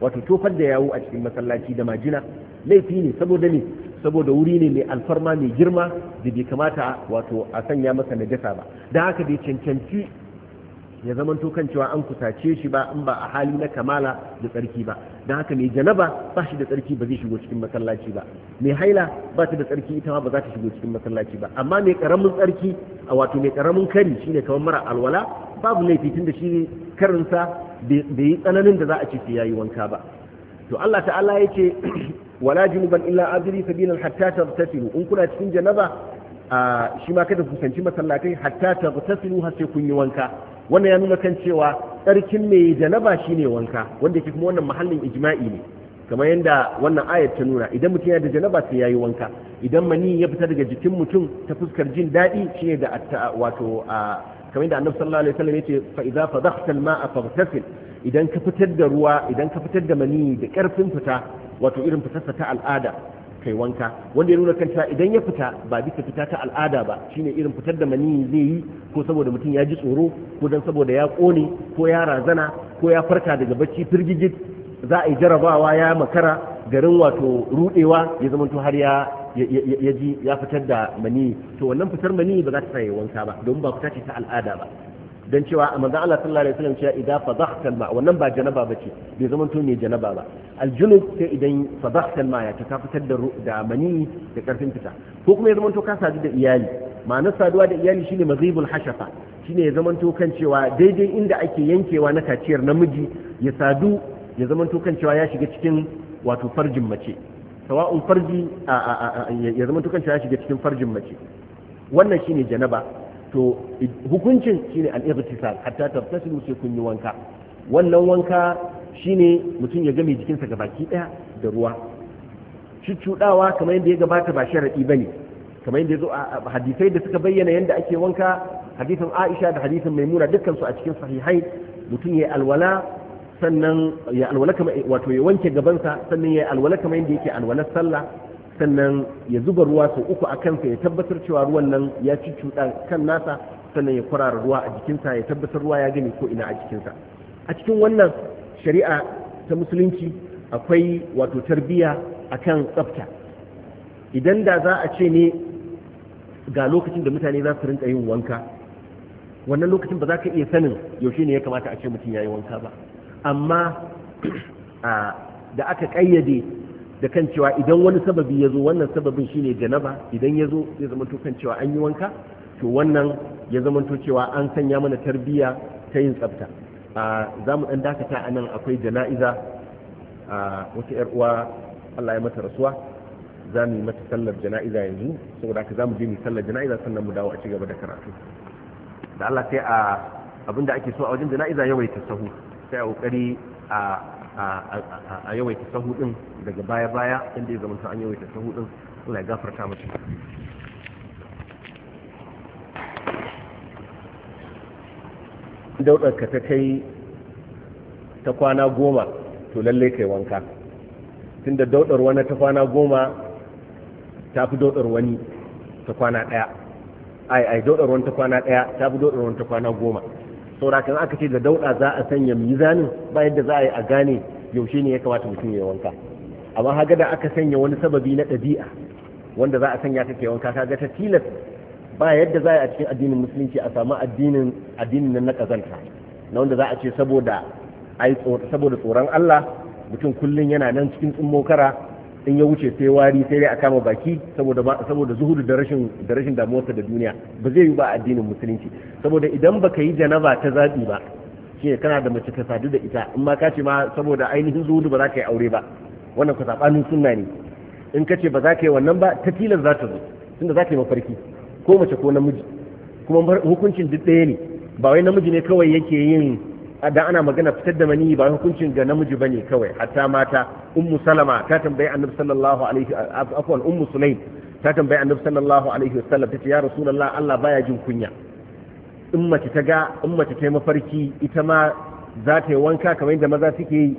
wato tofar da yawo a cikin masallaci da majina laifi ne saboda ne saboda wuri ne mai alfarma mai girma da bai kamata wato a sanya masa najasa ba don haka bai cancanci ya zamanto kan cewa an kusace shi ba in ba a hali na kamala da tsarki ba don haka mai janaba ba shi da tsarki ba zai shigo cikin masallaci ba mai haila ba ta da tsarki ita ma ba za ta shigo cikin masallaci ba amma mai karamin tsarki a wato mai karamin kari shine kamar mara alwala babu laifi tun da shi karinsa bai yi tsananin da za a ce sai yayi wanka ba to Allah ta'ala ya ce wala junuban illa azri sabilan hatta tartasilu in kuna cikin janaba shi ma kada ku kusanci masallatai hatta tartasilu har sai kun yi wanka wannan ya nuna kan cewa tsarkin mai janaba shi ne wanka wanda ke kuma wannan mahallin ijma'i ne kamar yadda wannan ayat ta nuna idan mutum ya da janaba sai yi wanka idan mani ya fita daga jikin mutum ta fuskar jin daɗi shine da wato kamar yadda annabi sallallahu alaihi wasallam ce fa idza fadhakhta al-ma'a faghtasil idan ka fitar da ruwa idan ka fitar da mani da ƙarfin fita wato irin fitarsa ta al'ada kai wanka wanda ya nuna kanta idan ya fita ba bisa fita ta al'ada ba shine irin fitar da maniyi zai yi ko saboda mutum ya ji tsoro ko dan saboda ya kone ko ya razana ko ya farka daga bacci firgigit za a yi jarabawa ya makara garin wato rudewa ya zama to har ya ya ji ya fitar da maniyi to wannan fitar maniyi ba za ta sa wanka ba don ba fita ce ta al'ada ba dan cewa a manzon Allah sallallahu alaihi wasallam cewa idan fadhakhta ma wannan ba janaba bace bai zama to ne janaba ba al sai idan fadhakhta ma ya ta fitar da da mani da karfin fita ko kuma ya zama to ka sadu da iyali ma'anar saduwa da iyali shine mazibul hashafa shine ya zama to kan cewa daidai inda ake yankewa na kaciyar namiji ya sadu ya zama to kan cewa ya shiga cikin wato farjin mace sawa'un farji ya zama to kan cewa ya shiga cikin farjin mace wannan shine janaba to hukuncin shine al-ightisal hatta tabtasilu sai kun yi wanka wannan wanka shine mutum ya game jikinsa baki daya da ruwa cuccudawa kamar yadda ya gabata ba sharadi bane kamar yadda zo a hadisai da suka bayyana yadda ake wanka hadisin Aisha da hadisin Maimuna dukkan su a cikin sahihai mutum ya alwala sannan ya alwala kamar wato ya wanke gabansa sannan ya alwala kamar yadda yake alwalar sallah sannan ya zuba ruwa sau uku a kansa ya tabbatar cewa ruwan nan ya ci cuɗa kan nasa sannan ya kwarara ruwa a jikinsa ya tabbatar ruwa ya gani ko ina a jikinsa a cikin wannan shari'a ta musulunci akwai wato tarbiya kan tsafta idan da za a ce ne ga lokacin da mutane za su rinka yin wanka wannan lokacin ba za ka iya sanin yaushe ne ya kamata a ce mutum ya yi wanka ba amma da aka ƙayyade da kan cewa idan wani sababi ya zo wannan sababin shine janaba idan ya zo ya zama to kan cewa an yi wanka to wannan ya zama to cewa an sanya mana tarbiyya ta yin tsafta za mu ɗan dakata a nan akwai jana'iza wata 'yar uwa Allah ya mata rasuwa za mu yi mata sallar jana'iza yanzu saboda haka za mu je mu sallar jana'iza sannan mu dawo a cigaba da karatu da Allah sai a abinda ake so a wajen jana'iza yawaita sahu sai a kokari a a yawaita sahu din daga baya baya inda ya zama an yawaita sahu din Allah ya gafarta masa daudar ka ta kai ta kwana goma to lalle kai wanka Tun da daudar wani ta kwana goma ta fi daudar wani ta kwana daya ai ai daudar wani ta kwana daya ta fi daudar wani ta kwana goma saurakan aka ce da dauɗa za a sanya mizanin ba yadda za a yi a gane yaushe ne ya kamata mutum ya wanka amma haga da aka sanya wani sababi na ɗabi'a wanda za a sanya ta ke wanka ga ta tilas ba yadda za a yi a cikin addinin musulunci a samu addinin addinin na kazanta na wanda za a ce saboda tsoron Allah mutum kullum yana nan cikin tsummokara in ya wuce sai wari sai dai a kama baki saboda saboda zuhudu da rashin da rashin damuwarsa da duniya ba zai yi ba addinin musulunci saboda idan baka yi janaba ta zabi ba shine kana da mace ka sadu da ita in ma ka ma saboda ainihin zuhudu ba za ka yi aure ba wannan ku sabanin sunna ne in ka ba za ka yi wannan ba ta tilan za ta zo tunda za ka yi mafarki ko mace ko namiji kuma hukuncin duk ɗaya ne ba wai namiji ne kawai yake yin da ana magana fitar da maniyi ba hukuncin ga namiji bane kawai hatta mata ummu salama ta tambayi annabi sallallahu alaihi afwan ummu sulaim ta tambayi annabi sallallahu alaihi wasallam tace ya rasulullah Allah baya jin kunya in mace ta ga in mace ta mafarki ita ma za ta yi wanka kamar yadda maza suke yi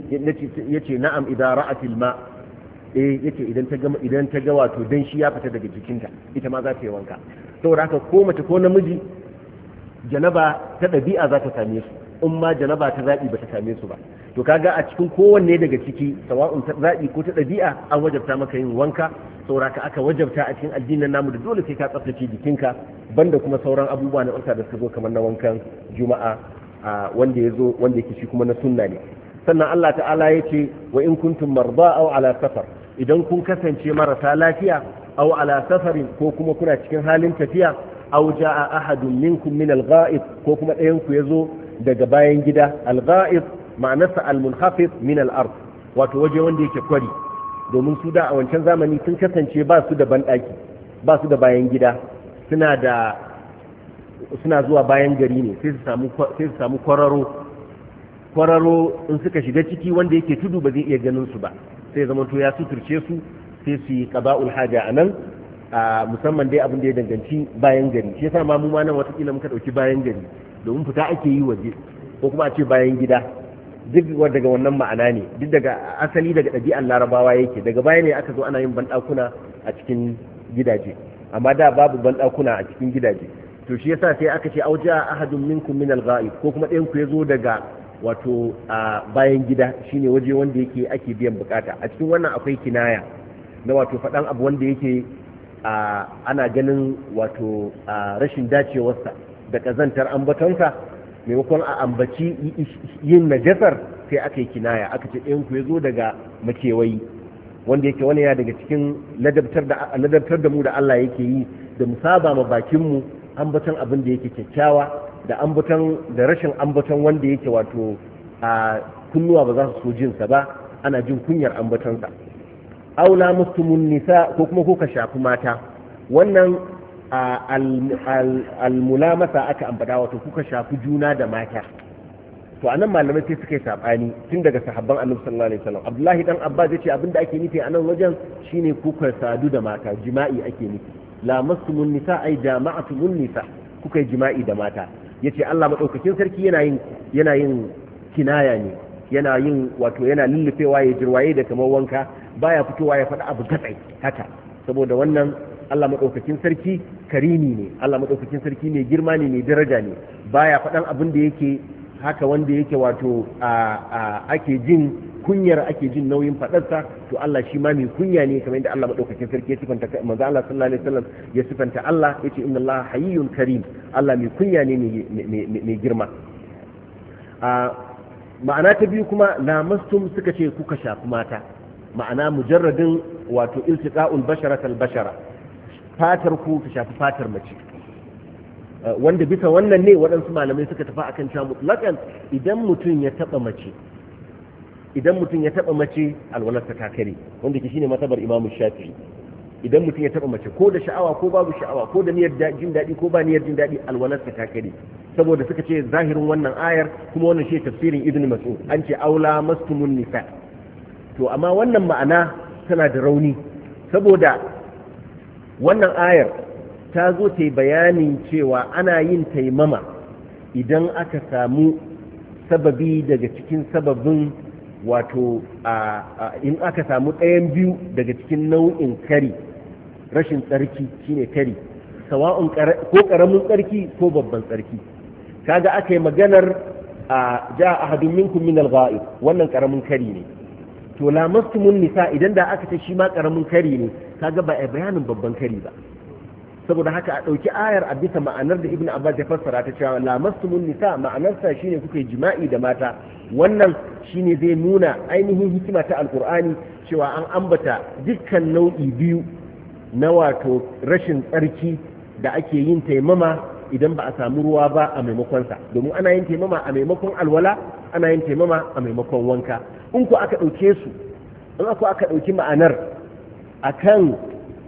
yace na'am idan ra'atil ma eh yace idan ta ga idan ta ga wato dan shi ya fita daga jikinta ita ma za ta yi wanka saboda haka ko mace ko namiji janaba ta dabi'a za ta same su in ma janaba ta zaɓi ba ta same su ba to kaga a cikin kowanne daga ciki sawa'un ta zaɓi ko ta ɗabi'a an wajabta maka yin wanka sauraka aka wajabta a cikin addinin namu da dole sai ka tsaftace jikinka banda kuma sauran abubuwa na wanka da suka zo kamar na wankan juma'a wanda ya zo wanda yake shi kuma na sunna ne sannan Allah ta'ala ya ce wa in kuntum marda aw ala safar idan kun kasance marasa lafiya aw ala safarin ko kuma kuna cikin halin tafiya aw jaa ahadun minkum min al ko kuma ɗayan ku yazo daga bayan gida al ma'anarsa al-munhafiz min al-ard wato waje wanda yake kwari domin su da a wancan zamani sun kasance ba su da banɗaki ba su da bayan gida suna da suna zuwa bayan gari ne sai su samu sai su samu kwararo kwararo in suka shiga ciki wanda yake tudu ba zai iya ganin su ba sai zama to ya suturce su sai su yi qada'ul haja anan a musamman dai abin da ya danganci bayan gari shi yasa ma mu ma nan kila muka dauki bayan gari domin fita ake yi waje ko kuma a ce bayan gida duk daga wannan ma'ana ne duk daga asali daga dabi'an larabawa yake daga baya ne aka zo ana yin banɗakuna a cikin gidaje amma da babu banɗakuna a cikin gidaje to shi yasa sai aka ce auja ahadun minkum min al-ghaib ko kuma ɗayan ku ya zo daga wato bayan gida shine waje wanda yake ake biyan bukata a cikin wannan akwai kinaya na wato faɗan abu wanda yake ana ganin wato rashin dacewarsa da ƙazantar ambatonsa maimakon a ambaci yin najasar sai aka yi kinaya aka ce ɗayan ku ya zo daga makewayi wanda yake wani ya daga cikin ladabtar da mu da Allah yake yi da mu saba ma bakinmu ambaton abin da yake kyakkyawa da ambaton da rashin ambaton wanda yake wato a kunnuwa ba za su so jinsa ba ana jin kunyar ambatonsa aula mustumun nisa ko kuma ko ka shafi mata wannan al-mula almulamasa aka ambata wato kuka shafi juna da mata to anan malamai sai suka yi sabani tun daga sahabban annabi sallallahu alaihi wasallam abdullahi dan abba zai ce abinda ake nufi anan wajen shine kuka sadu da mata jima'i ake nufi lamassumun nisa ai jama'atumun nisa kuka yi jima'i da mata yace Allah madaukakin sarki yana yin yana yin kinaya ne yana yin wato yana lullufewa ya jirwaye da kamar wanka baya fitowa ya faɗa abu gatsai haka saboda wannan Allah madaukakin sarki karimi ne Allah madaukakin sarki mai girma ne mai daraja ne baya faɗan abin da yake haka wanda yake wato ake jin kunyar ake jin nauyin faɗarsa to Allah shi ma mai kunya ne kamar yadda Allah madaukakin sarki ya sifanta manzo Allah sallallahu alaihi wasallam ya sifanta Allah yace inna Allah hayyun karim Allah mai kunya ne mai girma ma'ana ta biyu kuma lamastum suka ce kuka shafi mata ma'ana mujarradin wato iltiqa'ul bashara tal bashara fatar ku ta shafi fatar mace wanda bisa wannan ne waɗansu malamai suka tafi akan cewa mutlaƙan idan mutum ya taɓa mace idan mutum ya taɓa mace alwalarsa ta kare wanda ke shine matabar imamu shafi idan mutum ya taɓa mace ko da sha'awa ko babu sha'awa ko da niyyar jin daɗi ko ba niyyar jin daɗi alwalarsa ta kare saboda suka ce zahirin wannan ayar kuma wannan shi tafsirin ibn mas'ud an ce aula mastumun nisa to amma wannan ma'ana tana da rauni saboda wannan ayar ta zo ta bayani cewa ana yin taimama idan aka samu sababi daga cikin sababin wato in aka samu ɗayan biyu daga cikin nau'in kari rashin tsarki shine kari sawa'un ko ƙaramin tsarki ko babban tsarki kaga aka yi maganar a ja ahadun minkum min al wannan ƙaramin kari ne to la lamastumun nisa idan da aka ce shi ma karamin kari ne kaga ba a bayanin babban kari ba saboda haka a ɗauki ayar a bisa ma'anar da ibn abbas ya fassara ta cewa la lamastumun nisa ma'anarsa shine kuka yi jima'i da mata wannan shine zai nuna ainihin hikima ta alkur'ani cewa an ambata dukkan nau'i biyu na wato rashin tsarki da ake yin taimama idan ba a samu ruwa ba a maimakonsa domin ana yin taimama a maimakon alwala ana yin taimama a maimakon wanka in ku aka ɗauke su in aku aka ɗauki ma'anar akan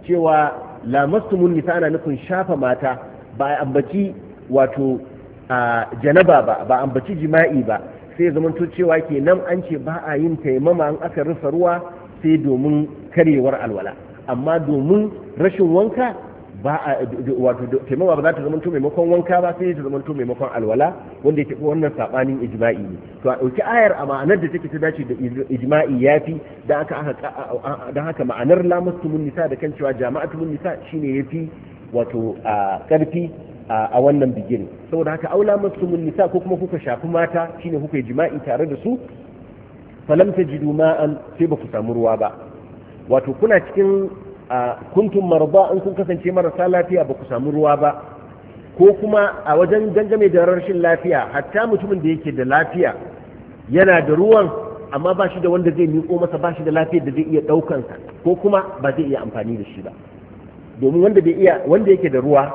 cewa lamastumun nisa ana nufin shafa mata ba a ambaci wato a janaba ba ba ambaci jima'i ba sai zamanto cewa kenan an ce ba a yin taimama an aka rufa ruwa sai domin karyewar alwala amma domin rashin wanka ba a wato taimama ba za ta zama maimakon wanka ba sai ta zama maimakon alwala wanda ya tafi wannan saɓanin ijma'i ne to a ɗauki ayar a ma'anar da take ta dace da ijma'i yafi da aka aka haka ma'anar lamus tumun nisa da kan cewa jama'a tumun nisa shine fi wato ƙarfi a wannan bigin saboda haka aula tumun nisa ko kuma kuka shafi mata shine kuka jima'i tare da su falam jidu ma'an sai ba ku samu ruwa ba wato kuna cikin a kuntum marba in sun kasance marasa lafiya ba ku samu ruwa ba ko kuma a wajen dangane da rashin lafiya hatta mutumin da yake da lafiya yana da ruwan amma ba shi da wanda zai miƙo masa ba shi da lafiya da zai iya ɗaukansa ko kuma ba zai iya amfani da shi ba domin wanda bai iya wanda yake da ruwa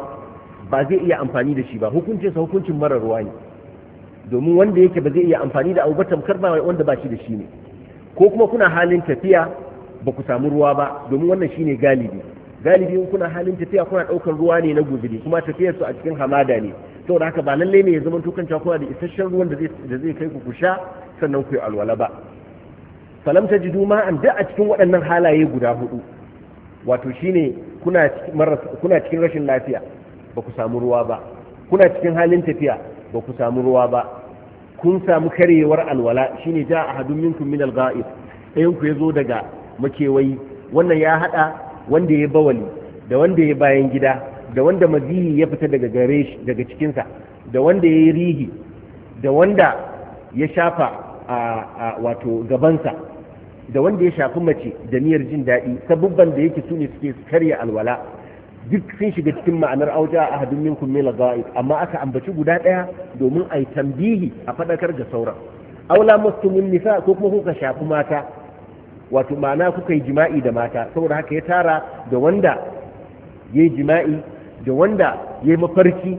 ba zai iya amfani da shi ba hukuncinsa hukuncin mara ruwa ne domin wanda yake ba zai iya amfani da abu ba ba wanda ba shi da shi ne ko kuma kuna halin tafiya ba ku samu ruwa ba domin wannan shine galibi galibi in kuna halin tafiya kuna ɗaukar ruwa ne na guzuri kuma tafiyar su a cikin hamada ne saboda haka ba lallai ne ya zama tukan cewa kuna da isasshen ruwan da zai kai ku ku sha sannan ku yi alwala ba falam tajidu an da a cikin waɗannan halaye guda hudu wato shine kuna kuna cikin rashin lafiya ba ku samu ruwa ba kuna cikin halin tafiya ba ku samu ruwa ba kun samu karyewar alwala shine ja ahadun minkum min al-gha'ib ɗayan ku yazo daga makewayi wannan ya hada wanda ya bawali da wanda ya bayan gida da wanda maziyi ya fita daga gare shi daga cikinsa da wanda ya yi rihi da wanda ya shafa a wato gabansa da wanda ya shafi mace da niyyar jin daɗi sabubban da yake sune suke karya alwala duk sun shiga cikin ma'anar auja a hadin minkum mila al amma aka ambaci guda ɗaya domin ai tambihi a faɗakar ga sauran aula mastumun nisa ko kuma kuka shafi mata wato ma'ana kuka yi jima'i da mata saboda haka ya tara da wanda ya yi jima'i da wanda ya yi mafarki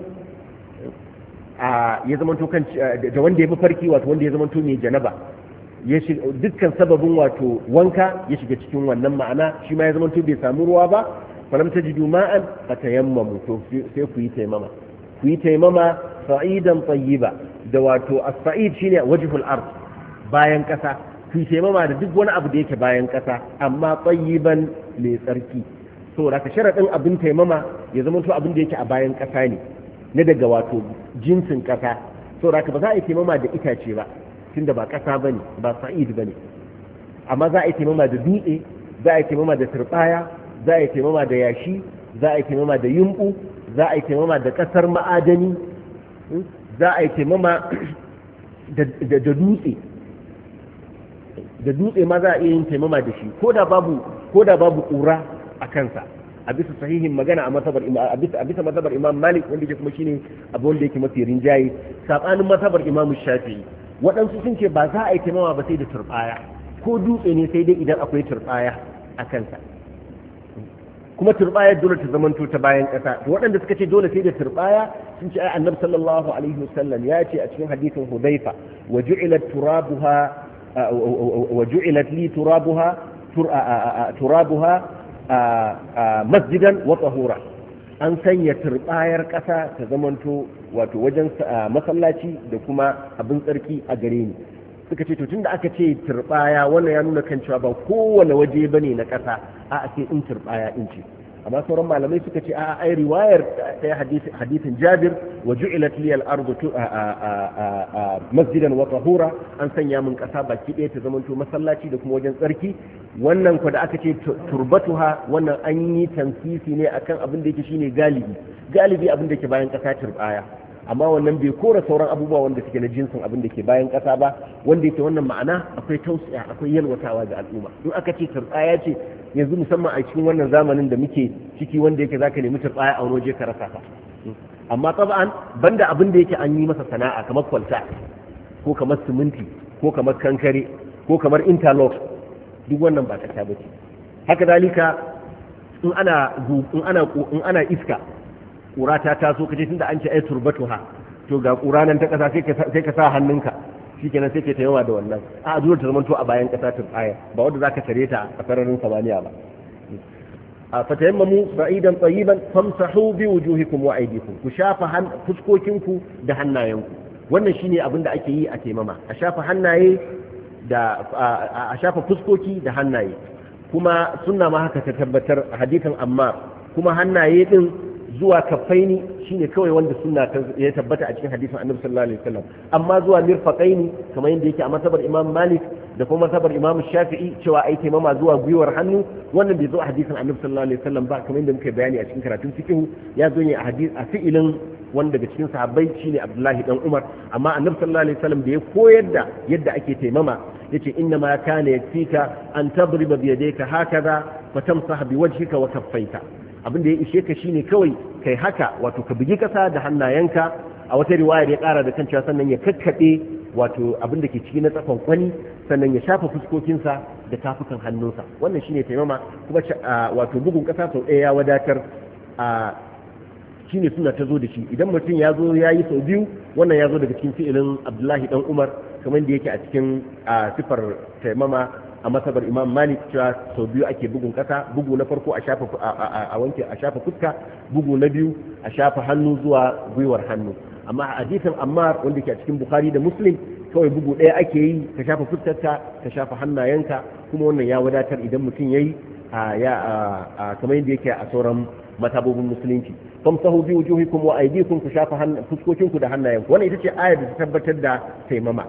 ya zamanto kan da wanda ya mafarki wato wanda ya zamanto mai janaba ya dukkan sababin wato wanka ya shiga cikin wannan ma'ana shi ma ya zamanto bai samu ruwa ba falam tajidu ma'an fatayammamu to sai ku yi taimama ku yi taimama sa'idan tayyiba da wato as-sa'id shine wajhul ard bayan kasa fi taimama da duk wani abu da yake bayan ƙasa amma tsayiban mai tsarki so da ka sharaɗin abin taimama ya zama to abin da yake a bayan ƙasa ne na daga wato jinsin ƙasa so da ka ba za a yi taimama da itace ba tunda ba ƙasa ba ne ba sa'id ba ne amma za a yi taimama da dutse za a yi taimama da turɓaya za a yi taimama da yashi za a yi taimama da yumɓu za a yi taimama da ƙasar ma'adani za a yi taimama da dutse da dutse ma za a iya yin taimama da shi ko da babu ko da babu ƙura a kansa a bisa sahihin magana a masabar a bisa a bisa masabar imam malik wanda yake kuma shine abu wanda yake mafi rinjaye sabanin masabar imam shafi'i waɗansu sun ce ba za a yi taimama ba sai da turbaya ko dutse ne sai dai idan akwai turbaya a kansa kuma turbayar dole ta zamanto ta bayan ƙasa waɗanda suka ce dole sai da turbaya sun ce ai annabi sallallahu alaihi wasallam ya ce a cikin hadisin hudaifa wa ju'ila turabuha wa ju'ilat li turabuha turabuha masjidan wa tahura an sanya turbayar ƙasa ta zamanto wato wajen masallaci da kuma abin tsarki a gare ni suka ce to tunda aka ce turbaya wannan ya nuna kan cewa ba kowane waje bane na ƙasa a sai in turbaya in ce amma sauran malamai suka ce a ai riwayar ɗaya hadisin jabir wa ju'ilat li al-ardu masjidan wa tahura an sanya min kasa baki ɗaya ta zamanto masallaci da kuma wajen tsarki wannan ku da aka ce turbatuha wannan an yi tansisi ne akan abin da yake shine galibi galibi abin da ke bayan ƙasa turbaya amma wannan bai kora sauran abubuwa wanda suke na jinsin abin da ke bayan kasa ba wanda yake wannan ma'ana akwai tausiya akwai yalwatawa ga al'umma in aka ce turbaya ce yanzu musamman a cikin wannan zamanin da muke ciki wanda yake zaka nemi tsaya a waje ka rasa ta amma taban banda abin da yake an yi masa sana'a kamar kwalta ko kamar siminti ko kamar kankare ko kamar interlock duk wannan ba kasa bace haka dalika in ana in ana in ana iska kura ta taso kaje tunda an ce ai turbatuha to ga kura nan ta kasa sai ka sai ka sa hannunka shikenan sai ke ta da wannan a dole ta zamanto a bayan kasa ta ba wanda zaka tare ta a sararin samaniya ba a fatayammamu ba'idan tayyiban famsahu bi wujuhikum wa aydikum ku shafa fuskokinku da hannayenku wannan shine abin da ake yi a taimama a shafa hannaye da a shafa fuskoki da hannaye kuma sunna ma haka ta tabbatar a amma kuma hannaye din zuwa kafaini shine kawai wanda sunna ya tabbata a cikin hadisin annabi sallallahu alaihi wasallam amma zuwa mirfaqaini kamar yadda yake a masabar imam malik da kuma masabar imam shafi'i cewa ai taimama zuwa gwiwar hannu wannan bai zo a hadisin annabi sallallahu alaihi wasallam ba kamar yadda muka bayani a cikin karatun fiqh ya zo ne a hadisi a fi'ilin wanda daga cikin sahabbai shine abdullahi dan umar amma annabi sallallahu alaihi wasallam da ya koyar da yadda ake taimama yace inna ma kana yakfika an tadriba bi yadayka hakaza tamsah bi wajhika wa kaffaita abin da ya ishe ka shine kawai kai haka wato ka bugi kasa da hannayenka a wata riwaya da ya kara da kancewa sannan ya kakkaɓe wato abin da ke ciki na tsakon kwani sannan ya shafa fuskokinsa da tafukan hannunsa wannan shine taimama kuma wato bugun kasa sau ɗaya ya wadatar a shine suna ta zo da shi idan mutum ya zo ya yi sau biyu wannan ya zo daga cikin fi'ilin abdullahi dan umar kamar da yake a cikin sifar taimama a masabar imam malik cewa sau biyu ake bugun kasa bugu na farko a shafa a wanke a shafa fuska bugu na biyu a shafa hannu zuwa gwiwar hannu amma a hadisin ammar wanda ke a cikin bukhari da muslim kawai bugu ɗaya ake yi ka shafa fuskarka ka shafa hannayenka kuma wannan ya wadatar idan mutum ya yi a kamar yadda yake a sauran matabobin musulunci sahu bi wujuhikum wa aydikum ku shafa fuskokinku da hannayenku wannan ita ce ayar da ta tabbatar da taimama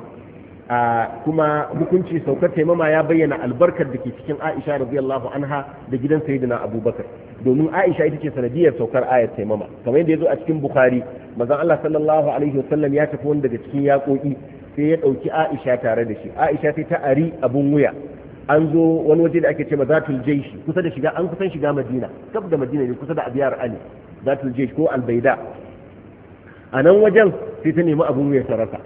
kuma hukunci saukar taimama ya bayyana albarkar da ke cikin aisha radiyallahu anha da gidan sayyidina abubakar domin aisha ita ce sanadiyar saukar ayar taimama kamar yadda ya zo a cikin bukhari mazan allah sallallahu alaihi wasallam ya tafi wani daga cikin yaƙoƙi sai ya ɗauki aisha tare da shi aisha sai ta ari abun wuya an zo wani waje da ake ce mazatul jaishi kusa da shiga an kusan shiga madina kaf da madina ne kusa da abiyar ali zatul jaishi ko albaida a nan wajen sai ta nemi abun wuya ta rasa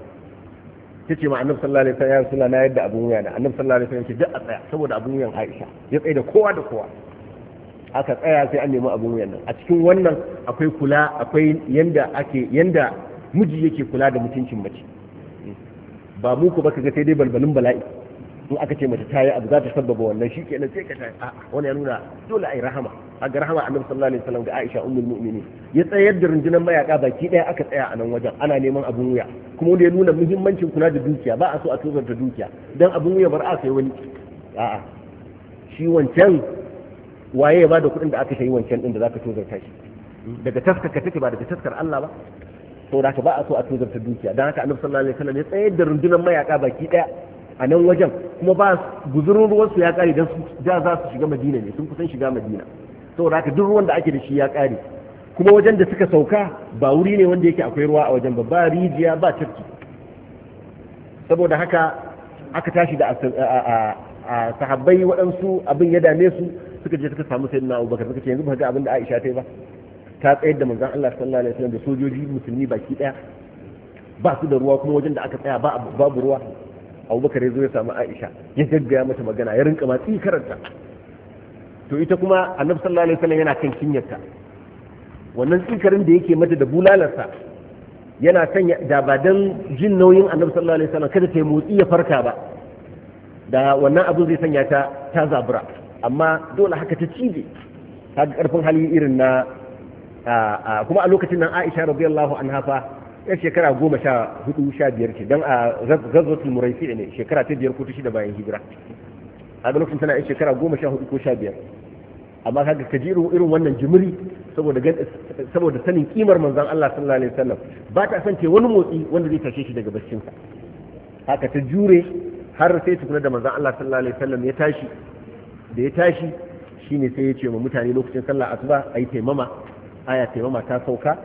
ta ce ma annabi sallallahu alaihi wasallam suna na yadda abun wuya na annabi sallallahu alaihi wasallam ce da a tsaya saboda abun wuyan Aisha ya tsaya da kowa da kowa aka tsaya sai an nemi abun wuyan nan a cikin wannan akwai kula akwai yanda ake yanda miji yake kula da mutuncin mace ba mu ku ba ka ga sai dai balbalin bala'i in aka ce mace ta yi abu za ta sababa wannan shi kenan sai ka ta a wani ya nuna dole ai rahama a ga rahama annabi sallallahu alaihi wasallam ga Aisha ummul mu'minin ya tsayar da rundunar mayaka baki daya aka tsaya a nan wajen ana neman abun wuya kuma wanda ya nuna muhimmancin kula da dukiya ba a so a tozarta dukiya don abin wuya bar a sai wani a'a shi wancan waye ya bada kuɗin da aka sayi wancan din da zaka tozarta shi daga taskar ka take ba daga taskar Allah ba saboda haka ba a so a tozarta dukiya dan haka annabi sallallahu alaihi wasallam ya tsayar da rundunar mayaka baki daya a nan wajen kuma ba guzurin ruwan su ya kare dan da za su shiga Madina ne sun kusan shiga Madina saboda haka duk ruwan da ake da shi ya kare kuma wajen da suka sauka ba wuri ne wanda yake akwai ruwa a wajen ba ba rijiya ba tafki saboda haka aka tashi da a sahabbai waɗansu abin ya dame su suka je suka samu sai na abubakar suka ce yanzu ba ga abin da aisha ta yi ba ta tsayar da manzan Allah sallallahu alaihi wasallam da sojoji musulmi baki daya ba su da ruwa kuma wajen da aka tsaya ba babu ruwa abubakar ya zo ya samu aisha ya gaggaya mata magana ya rinka ma karanta to ita kuma annabi sallallahu alaihi wasallam yana kan kinyarta wannan tsikarin da yake mata da bulalarsa yana sanya da ba don jin nauyin annabi sallallahu alaihi wasallam kada ta yi motsi ya farka ba da wannan abu zai sanya ta ta zabura amma dole haka ta cije haka karfin hali irin na kuma a lokacin nan Aisha radiyallahu anha fa yar shekara goma sha hudu sha biyar ce don a gazzotul muraisi ne shekara ta biyar ko ta shida bayan hijira a lokacin tana yar shekara goma sha hudu ko sha biyar amma kaga kajiru irin wannan jimiri saboda sanin kimar manzon Allah sallallahu alaihi wasallam ba ta son ce wani motsi wanda zai tashe shi daga baccin ka. haka ta jure har sai tukuna da manzon Allah sallallahu alaihi wasallam ya tashi da ya tashi shine sai ya ce ma mutane lokacin sallah asuba ayi taimama aya taimama ta sauka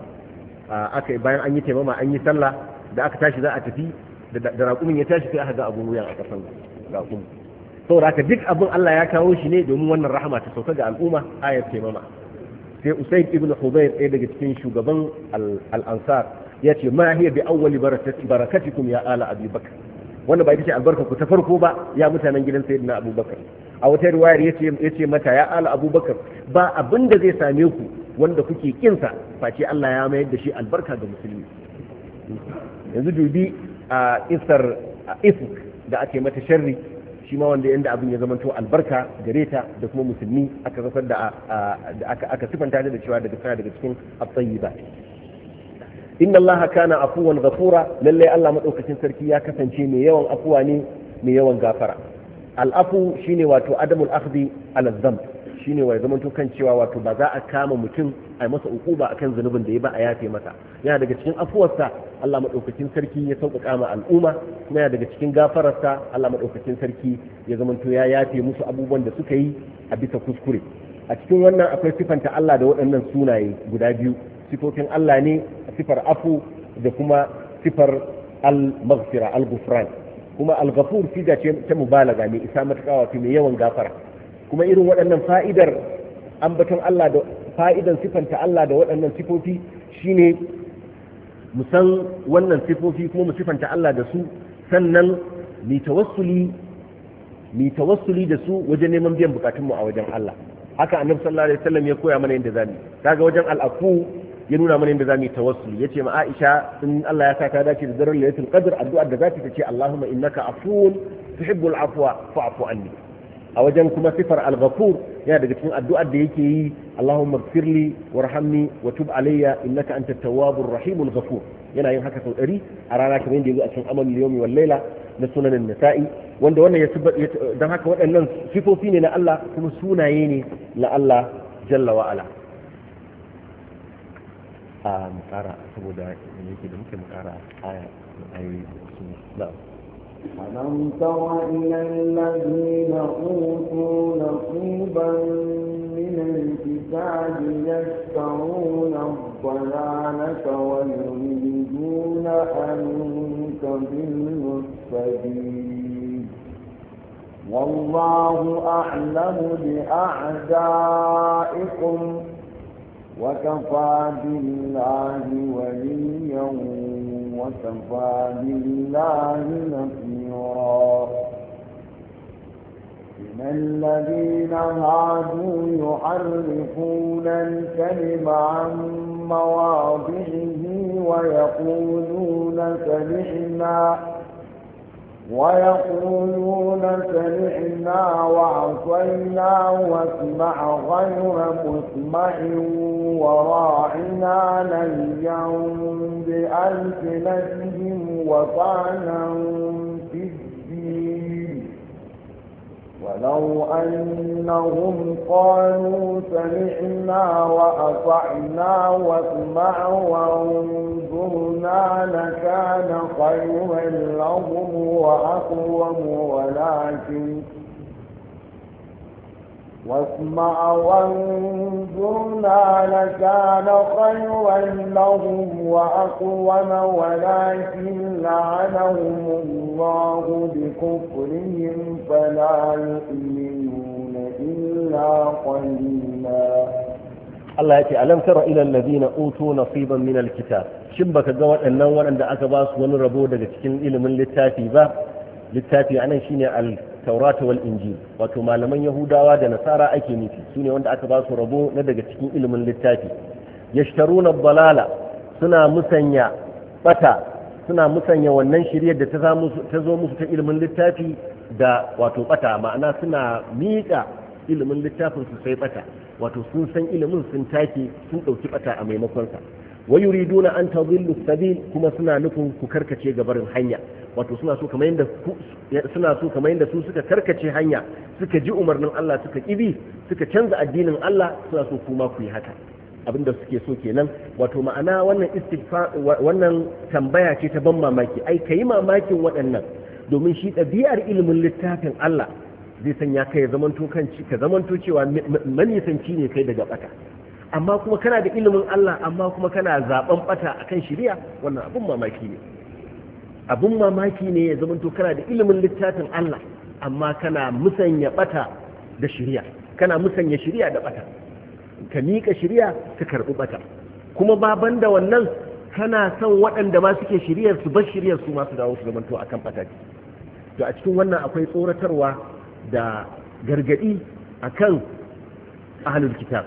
aka bayan an yi taimama an yi sallah da aka tashi za a tafi da raƙumin ya tashi sai aka ga abun wuyan a kasan raƙumin saboda haka duk abin Allah ya kawo shi ne domin wannan rahama ta sauka ga al'umma ayar taimama sai Usain ibn huzair ɗaya daga cikin shugaban al'ansar ya ce ma hiya bi awwali barakatikum ya ala abubakar wanda ba ita ce albarka ku ta farko ba ya mutanen gidan sayyidina abubakar a wata riwayar yace yace mata ya ala abubakar ba abin da zai same ku wanda kuke kinsa face Allah ya mayar da shi albarka ga musulmi yanzu dubi a isar isk da ake mata sharri shi ma wanda yanda abin ya zamanto albarka gare ta da kuma musulmi aka rasar da aka sifanta da cewa daga sana daga cikin at ba. inna allaha kana afuwan ghafura lalle Allah madaukakin sarki ya kasance mai yawan afuwa ne mai yawan gafara al-afu shine wato adamul akhdhi ala dhanb shine wai zaman kan cewa wato ba za a kama mutum a masa ukuba akan zunubin da ya ba a yafe masa yana daga cikin afuwarsa Allah madaukakin sarki ya sauƙaƙa ma al'umma yana daga cikin gafararsa Allah madaukakin sarki ya zamanto ya yafe musu abubuwan da suka yi a bisa kuskure a cikin wannan akwai sifanta Allah da waɗannan sunaye guda biyu sifofin Allah ne sifar afu da kuma sifar al-maghfira al-ghufran kuma al-ghafur da ce ta mubalaga ne isa matuƙa fi mai yawan gafara kuma irin waɗannan fa'idar ambaton Allah da fa'idan sifanta Allah da waɗannan sifofi shine mu san wannan sifofi kuma mu sifanta Allah da su sannan mu tawassuli da su wajen neman biyan bukatunmu a wajen Allah haka annabi sallallahu alaihi wasallam ya koya mana yadda zamu kaga wajen al'afu ya nuna mana yadda zamu tawassuli yace ma Aisha in Allah ya sa ta dace da zarar lailatul qadr addu'ar da zaki ta ce Allahumma innaka afuwun tuhibbul afwa fa'fu anni a wajen kuma sifar al-ghafur yana daga cikin addu'ar da yake yi Allahumma ighfirli warhamni wa tub alayya innaka antat tawwabur rahimul ghafur yana yin haka sau ɗari a rana kamar yadda yazo a cikin amal yawmi wal layla na sunanin nasa'i wanda wannan ya dan haka waɗannan sifofi ne na Allah kuma sunaye ne na Allah jalla wa ala a ah, mu saboda yake da muke mu aya ayoyi na'am ألم تر إلى الذين أوتوا نصيبا من الكتاب يشترون الضلالة ويريدون أن تضلوا السبيل والله أعلم بأعدائكم وكفى بالله وليا وكفى بالله نصيرا من الذين هادوا يحرفون الكلم عن مواضعه ويقولون سمعنا ويقولون سمعنا وعصينا واسمع غير مسمع وراعنا ليا بألسنتهم وطعنا ولو أنهم قالوا سمعنا وأطعنا واسمع وانظرنا لكان خيرا لهم وأقوم ولكن واسمع وانظرنا لكان خيرا لهم وأقوم ولكن لعنهم الله بكفرهم فلا يؤمنون إلا قليلا Allah ya ce alam tara ila alladhina utu nasiban min alkitab shin baka ga waɗannan waɗanda aka ba su wani rabo daga cikin ilimin littafi ba littafi anan shine al taurata wal injil wato malaman yahudawa da nasara ake nufi sune wanda aka ba su rabo na daga cikin ilimin littafi yashtaruna balala suna musanya bata suna musanya wannan shiryar da ta zo musu ta ilimin littafi da wato bata ma'ana suna miƙa ilimin littafin su sai bata wato sun san ilimin sun take sun ɗauki bata a maimakonsa wa yuriduna an tadhillu sabil kuma suna nufin ku karkace gabarin hanya wato suna so kamar yadda suna so kamar yadda su suka karkace hanya suka ji umarnin Allah suka kibi suka canza addinin Allah suna so kuma ku yi haka abinda suke so kenan wato ma'ana wannan istifa wannan tambaya ce ta ban mamaki ai kai mamakin waɗannan domin shi ɗabi'ar ilimin littafin Allah zai sanya kai zamanto kanci ka zamanto cewa manisanci ne kai daga bata amma kuma kana da ilimin Allah amma kuma kana zaben bata akan shari'a wannan abin mamaki ne Abin mamaki ne ya zamanto kana da ilimin littafin Allah amma kana musanya bata da shirya kana musanya shirya da bata ka miƙa shirya ka karɓi bata kuma ba banda wannan kana son waɗanda ma suke shiryar su bar shiryar su masu dawo su zamanto akan bata to a cikin wannan akwai tsoratarwa da gargaɗi akan ahlul kitab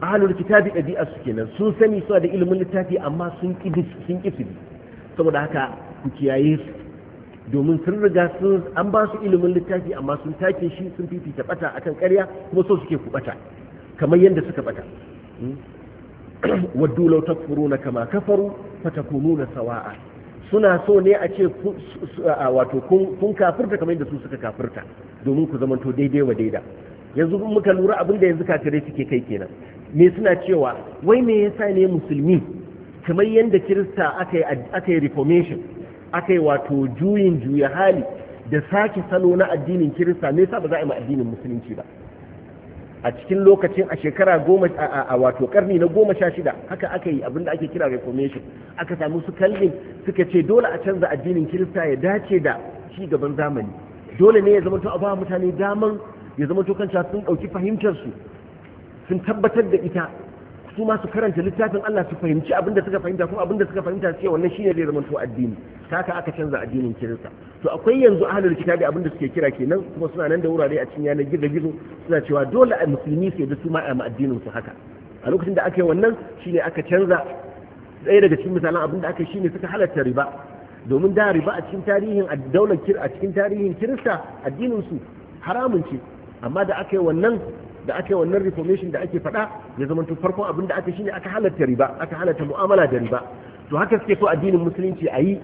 ahlul kitabi ɗabi'ar su kenan sun sani suna da ilimin littafi amma sun ƙi sun saboda haka ku kiyaye su domin sun riga sun an ba su ilimin littafi amma sun take shi sun fifita bata akan ƙarya kuma so suke ku bata kamar yadda suka bata hmm? waddu law takfuruna kama kafaru fatakununa sawa'a suna so ne a ce wato kun kafirta kamar yadda su suka kafirta domin ku to daidai wa daida yanzu muka lura abin da yanzu kafirai suke kai kenan me suna cewa wai me yasa ne musulmi kamar yadda kirista aka yi reformation aka yi wato juyin juya hali da sake salo na addinin kirista nesa yasa ba za a yi ma addinin musulunci ba a cikin lokacin a shekara goma a wato karni na goma sha shida haka aka yi abinda ake kira reformation aka samu su kalmin suka ce dole a canza addinin kirista ya dace da ci gaban zamani dole ne ya zama to a ba mutane daman ya zama to kanta sun ɗauki fahimtar su sun tabbatar da ita su ma su karanta littafin Allah su fahimci abin da suka fahimta kuma abin da suka fahimta su ce wannan shine zai zama to addini kaka aka canza addinin kirista to akwai yanzu ahlul kitabi abin da suke kira kenan kuma suna nan da wurare a cikin yanar gizo gizo suna cewa dole a musulmi sai da su ma a addinin su haka a lokacin da aka yi wannan shine aka canza ɗaya daga cikin misalan abin da aka yi shine suka halatta riba domin da riba a cikin tarihin a cikin tarihin kirista addinin su haramun ce amma da aka yi wannan da aka yi wannan reformation da ake faɗa ya zama tun farkon abin da aka shine aka halatta riba aka halatta mu'amala da riba to haka suke so addinin musulunci a yi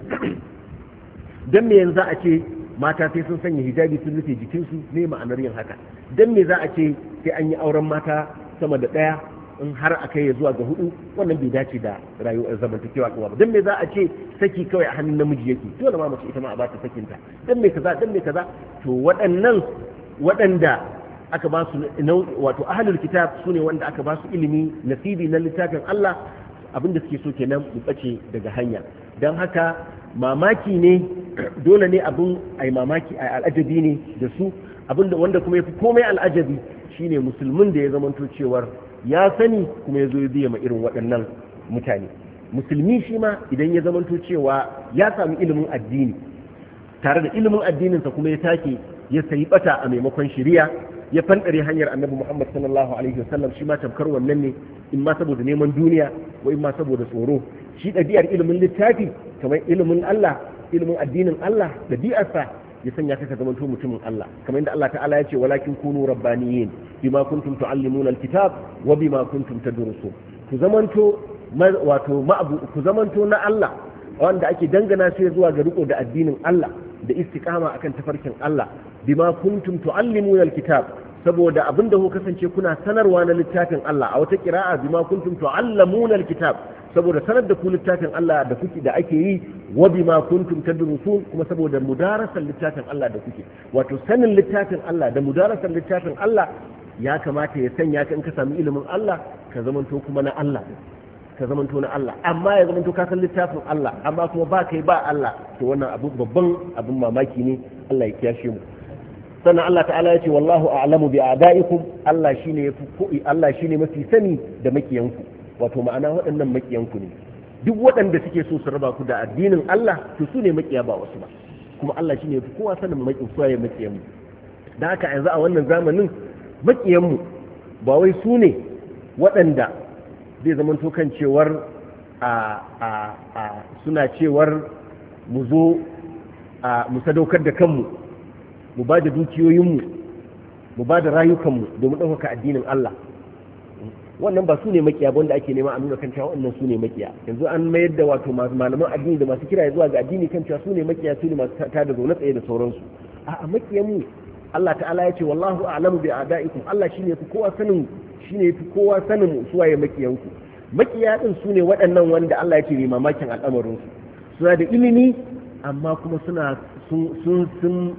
dan me yanzu a ce mata sai sun sanya hijabi sun rufe jikinsu ne ma'anar yin haka dan me za a ce sai an yi auren mata sama da ɗaya in har a kai zuwa ga hudu wannan bai dace da rayuwar eh, zamantakewa kuma ba dan me za a ce saki kawai a hannun namiji yake dole ma mace ita ma a ta sakinta dan me kaza dan me kaza to waɗannan waɗanda aka ba su wato ahlul kitab sune wanda aka ba su ilimi nasibi na littafin Allah abin da suke so kenan mu bace daga hanya dan haka mamaki ne dole ne abin ai mamaki ai al'ajabi ne da su abin da wanda kuma yafi komai al'ajabi shine musulmin da ya zamanto cewar ya sani kuma ya zo ya biya ma irin waɗannan mutane musulmi shi ma idan ya zamanto cewa ya sami ilimin addini tare da ilimin addininsa kuma ya take ya sayi bata a maimakon shari'a ya fandare hanyar annabi Muhammad sallallahu alaihi wasallam shi ma tamkar wannan ne in ma saboda neman duniya ko in ma saboda tsoro shi ɗabi'ar ilimin littafi kamar ilimin Allah ilimin addinin Allah ɗabi'arsa ya sanya ka ka zamanto mutumin Allah kamar yadda Allah ta'ala ya ce walakin kunu rabbaniyin bima kuntum tu'allimuna alkitab wa bima kuntum tadrusun ku zamanto wato ma'abu ku zamanto na Allah wanda ake dangana sai zuwa ga riko da addinin Allah da istiqama akan tafarkin Allah bima kuntum tuallimuna alkitab saboda abinda ku kasance kuna sanarwa na littafin Allah a wata kira'a bima kuntum tuallamuna alkitab saboda sanar da ku littafin Allah da kuke da ake yi wa bima kuntum tadrusun kuma saboda mudarasan littafin Allah da kuke wato sanin littafin Allah da mudarasan littafin Allah ya kamata ya sanya ka in ka sami ilimin Allah ka zamanto kuma na Allah ka zamanto na Allah amma ya zamanto ka san littafin Allah amma kuma ba kai ba Allah to wannan abu babban abin mamaki ne Allah ya kiyashe mu sannan Allah ta'ala ya ce wallahu a'lamu bi a'daikum Allah shine yafi Allah shine mafi sani da makiyanku wato ma'ana waɗannan makiyanku ne duk waɗanda suke so su raba ku da addinin Allah to su ne makiya ba wasu ba kuma Allah shine yafi kowa sanin makiyan su ya makiyanmu da haka yanzu a wannan zamanin makiyanmu ba wai su ne waɗanda zai to kan cewar a a a suna cewar mu zo a mu sadaukar da kanmu mu ba da dukiyoyinmu mu ba da rayukanmu domin ɗaukaka addinin Allah wannan ba su ne makiya ba wanda ake nema a nuna kan cewa wannan su ne makiya yanzu an mayar da wato malaman addini da masu kiraye zuwa ga addini kan cewa su ne makiya su ne masu tada zaune tsaye da sauransu a'a mu Allah ta'ala ya ce wallahu a'lamu bi a'da'ikum Allah shine yafi kowa sanin shine yafi kowa sanin su waye makiyanku makiya din su ne waɗannan wanda Allah ya ce ne mamakin al'amarin su suna da ilimi amma kuma suna sun sun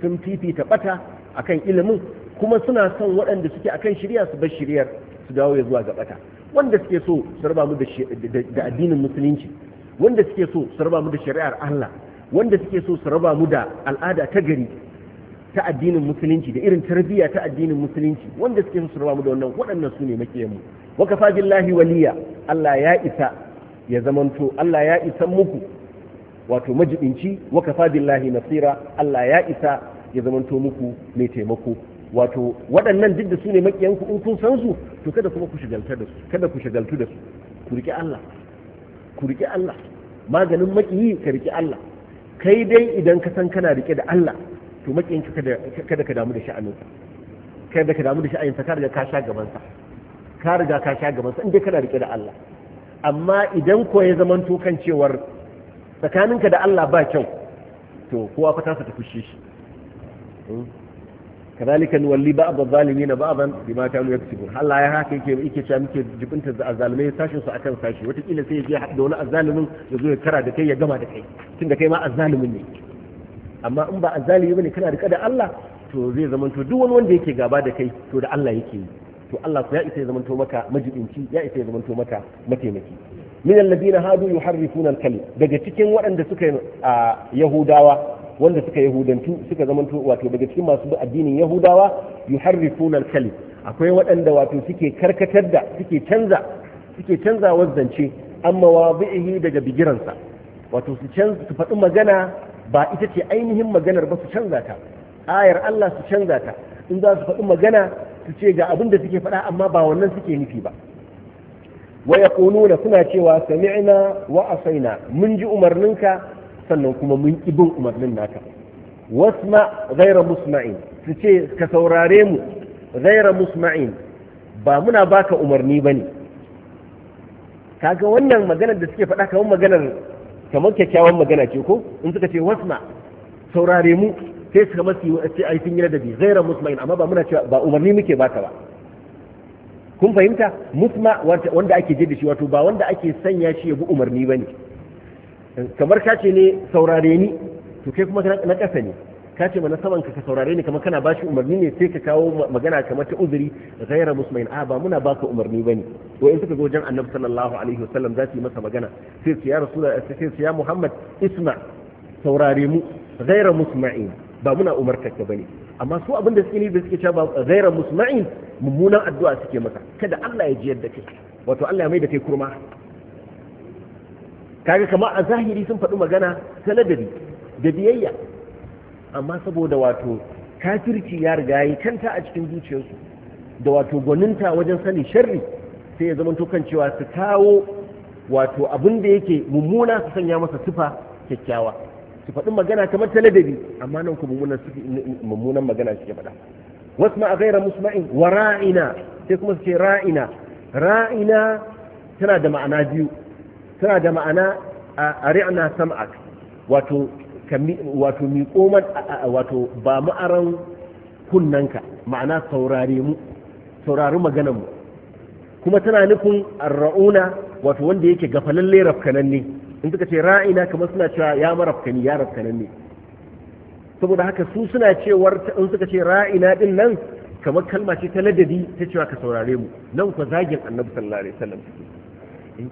sun fifita bata akan ilimin kuma suna son waɗanda suke akan shirya su bar shiryar su dawo ya zuwa ga bata wanda suke so su raba mu da addinin musulunci wanda suke so su raba mu da shari'ar Allah wanda suke so su raba mu da al'ada ta gari ta addinin musulunci da irin tarbiyya ta addinin musulunci wanda suke so su raba mu da wannan waɗannan su ne makiyan mu wa kafa billahi waliya Allah ya isa ya zamanto Allah ya isa muku wato majibinci wa kafa billahi nasira Allah ya isa ya zamanto muku mai taimako wato waɗannan duk da su ne makiyanku in kun san su to kada kuma ku shigalta da su kada ku shigaltu da su ku riƙe Allah ku riƙe Allah maganin makiyi ka riƙe Allah kai dai idan ka san kana riƙe da Allah to makiyinka kada kada ka damu da sha'aninsa kada ka damu da sha'aninsa ka riga ka sha gaban sa ka riga ka sha gaban sa in dai kana riƙe da Allah amma idan ko ya zamanto kan cewar tsakaninka da Allah ba kyau to kowa fa tasa ta fushe shi hmm? kadhalika nuwalli ba'd adh-dhalimin ba'dan bima kanu yaksubun Allah ya haka yake yake cewa muke jibinta da azzalimai sashin su akan sashi wata kila sai ya je da wani azzalimin ya zo ya kara da kai ya gama da kai tunda kai ma azzalimin ne amma in ba azzalimi bane kana rika da Allah to zai zamanto duk wani wanda yake gaba da kai to da Allah yake yi to Allah ku ya isa ya zamanto maka majibinci ya isa ya zamanto maka mataimaki min alladhina hadu yuharrifuna al-kalim daga cikin waɗanda suka yahudawa wanda suka yahudantu suka zamanto wato daga cikin masu addinin yahudawa yuharrifuna al-kalim akwai waɗanda wato suke karkatar da suke canza suke canza wazzance amma wadi'ihi daga bigiransa wato su canza su faɗi magana ba ita ce ainihin maganar ba su canza ta ayar Allah su canza ta in za su faɗi magana su ce ga abin da suke faɗa amma ba wannan suke nufi ba wa yaquluna suna cewa sami'na wa asaina mun ji umarninka sannan kuma mun ki bin umarnin naka wasma ghayra musma'in su ce ka saurare mu ghayra musma'in ba muna baka umarni bane kaga wannan maganar da suke faɗa kamar maganar kamar kyakkyawan magana ce ko in suka ce wasma saurare mu sai suka masu yi ai sun yi ladabi ghayra musma'in amma ba muna cewa ba umarni muke baka ba kun fahimta musma wanda ake je da shi wato ba wanda ake sanya shi ya bi umarni bane kamar ka ce ne saurare ni to kai kuma na ƙasa ne ka ce mana saman ka saurare ni kamar kana bashi umarni ne sai ka kawo magana kamar ta uzuri Zaira musmain a ba muna baka umarni bane to in suka ga wajen annabi sallallahu alaihi wasallam za su yi masa magana sai su ya rasulullah sai su ya muhammad isma saurare mu Zaira musma'in ba muna umartar ka bane amma su abin da suke ne da suke cewa ghayra musma'in mummunan addu'a suke masa kada Allah ya ji yadda ke, wato Allah ya mai da kai kurma kaga kama a zahiri sun faɗi magana ta ladari da biyayya amma saboda wato kafirci ya riga yi kanta a cikin zuciyarsu da wato gwaninta wajen sani sharri sai ya zama kan cewa su kawo wato abin da yake mummuna su sanya masa sifa kyakkyawa su faɗi magana kamar ta ladari amma nan ku mummunan magana suke faɗa wasma a gaira musma'in wa ra'ina sai kuma su ce ra'ina ra'ina tana da ma'ana biyu tana da ma'ana a wato wato wato ba ma'aran kunnanka ma'ana saurare mu saurari maganar mu kuma tana nufin arra'una wato wanda yake gafalalle rafkananne in suka ce ra'ina kamar suna cewa ya marafkani ya rafkananne saboda haka su suna cewar in suka ce ra'ina din nan kamar kalma ce ta ladadi ta cewa ka saurare mu nan ku zagin annabi sallallahu alaihi wasallam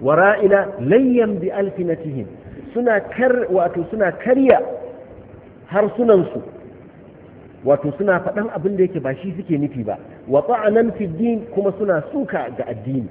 wa ra'ina layyan bi alfinatihim suna kar wato suna karya harsunan su wato suna faɗan abin da yake ba shi suke nufi ba wa ta'anan fi din kuma suna suka ga addini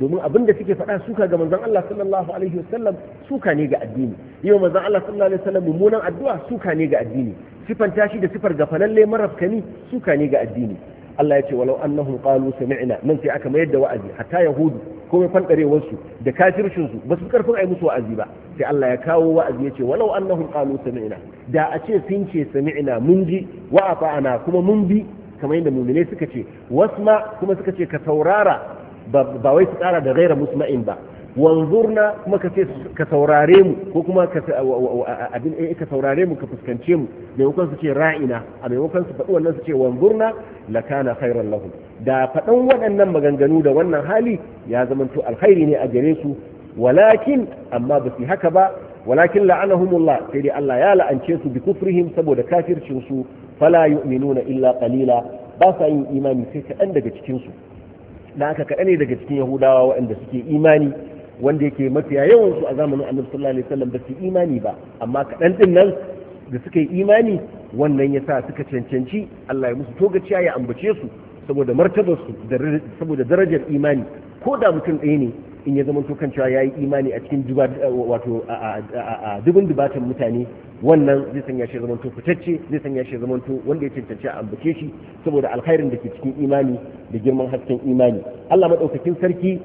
domin abin da suke faɗa suka ga manzon Allah sallallahu alaihi wasallam suka ne ga addini yau manzon Allah sallallahu alaihi wasallam mummunan addu'a suka ne ga addini Sifan shi da sifar gafalalle marafkani suka ne ga addini Allah ya ce walau annahum qalu sami'na nan sai aka mayar da wa'azi hatta yahudu ko mai fandarewar su da kafircin su ba su karfin ai musu wa'azi ba sai Allah ya kawo wa'azi ya ce walau annahum qalu sami'na da a ce sun ce sami'na mun ji wa afa'ana kuma mun bi kamar yadda muminai suka ce wasma kuma suka ce ka saurara ba wai su tsara da gaira musma'in ba wanzurna kuma ka ce ka saurare mu ko kuma ka abin eh, ka saurare mu ka fuskance mu maimakon su ce ra'ina a maimakon su faɗi wannan su ce wanzurna lakana khairan lahum da faɗan waɗannan maganganu da wannan hali ya zamanto alkhairi ne a gare su walakin amma ba su haka ba walakin la'anahumullah sai dai Allah ya la'ance su bi kufrihim saboda kafircin su fala yu'minuna illa qalila ba sa yin imani sai kaɗan daga cikin su da aka kaɗa ne daga cikin yahudawa waɗanda suke imani wanda yake mafiya yawan su a zamanin annabi sallallahu alaihi wasallam ba su imani ba amma kaɗan din nan da suka yi imani wannan ya sa suka cancanci Allah ya musu togaciya ya ambace su saboda martabar su saboda darajar imani ko da mutum ɗaya ne in ya zama to kan cewa ya yi imani a cikin wato dubin dubatan mutane wannan zai sanya shi zamanto fitacce zai sanya shi zamanto wanda ya cancanci a ambace shi saboda alkhairin da ke cikin imani da girman hasken imani Allah madaukakin sarki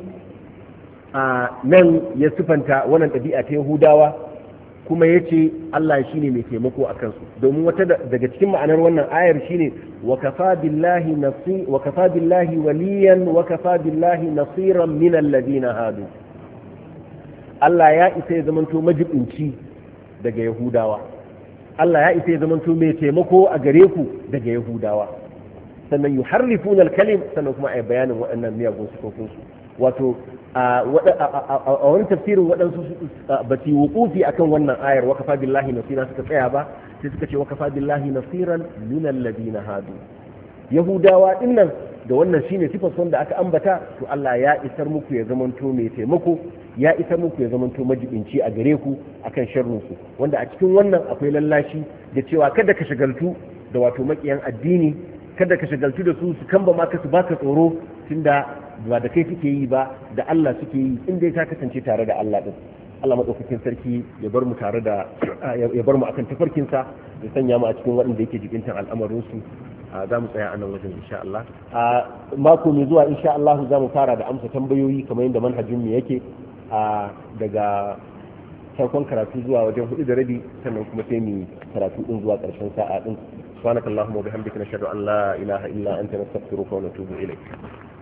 a nan ya sifanta wannan ɗabi'a ta Yahudawa kuma ya ce Allah shi ne mai taimako a kansu domin wata daga cikin ma'anar wannan ayar shi ne wa kafa billahi waliyan wa kafa billahi nasiran hadu Allah ya isa ya zamanto majibinci daga yahudawa Allah ya isa ya zamanto mai taimako a gare ku daga yahudawa sannan yuharrifuna al-kalim sannan kuma yi bayanin waɗannan miyagun sufofin su wato a wani tafsirin waɗansu ba su wukufi akan wannan ayar wakafa billahi nasira suka tsaya ba sai suka ce wakafa billahi nasiran minan ladina hadu yahudawa nan da wannan shine sifar son da aka ambata to Allah ya isar muku ya zamanto mai taimako ya isa muku ya zamanto majibinci a gare ku akan sharrin su wanda a cikin wannan akwai lallashi da cewa kada ka shagaltu da wato makiyan addini kada ka shagaltu da su su kamba maka su baka tsoro tunda ba da kai suke yi ba da Allah suke yi inda ka kasance tare da Allah din Allah madaukakin sarki ya bar mu tare da ya bar mu akan tafarkin sa ya sanya mu a cikin waɗanda yake jibintan al'amarin su za mu tsaya a nan wajen insha Allah mako mai zuwa insha Allah za mu fara da amsa tambayoyi kamar yadda manhajin mu yake a daga farkon karatu zuwa wajen hudu da rabi sannan kuma sai mu karatu din zuwa karshen sa'a din subhanakallahumma wa bihamdika nashhadu an la ilaha illa anta nastaghfiruka wa natubu ilayk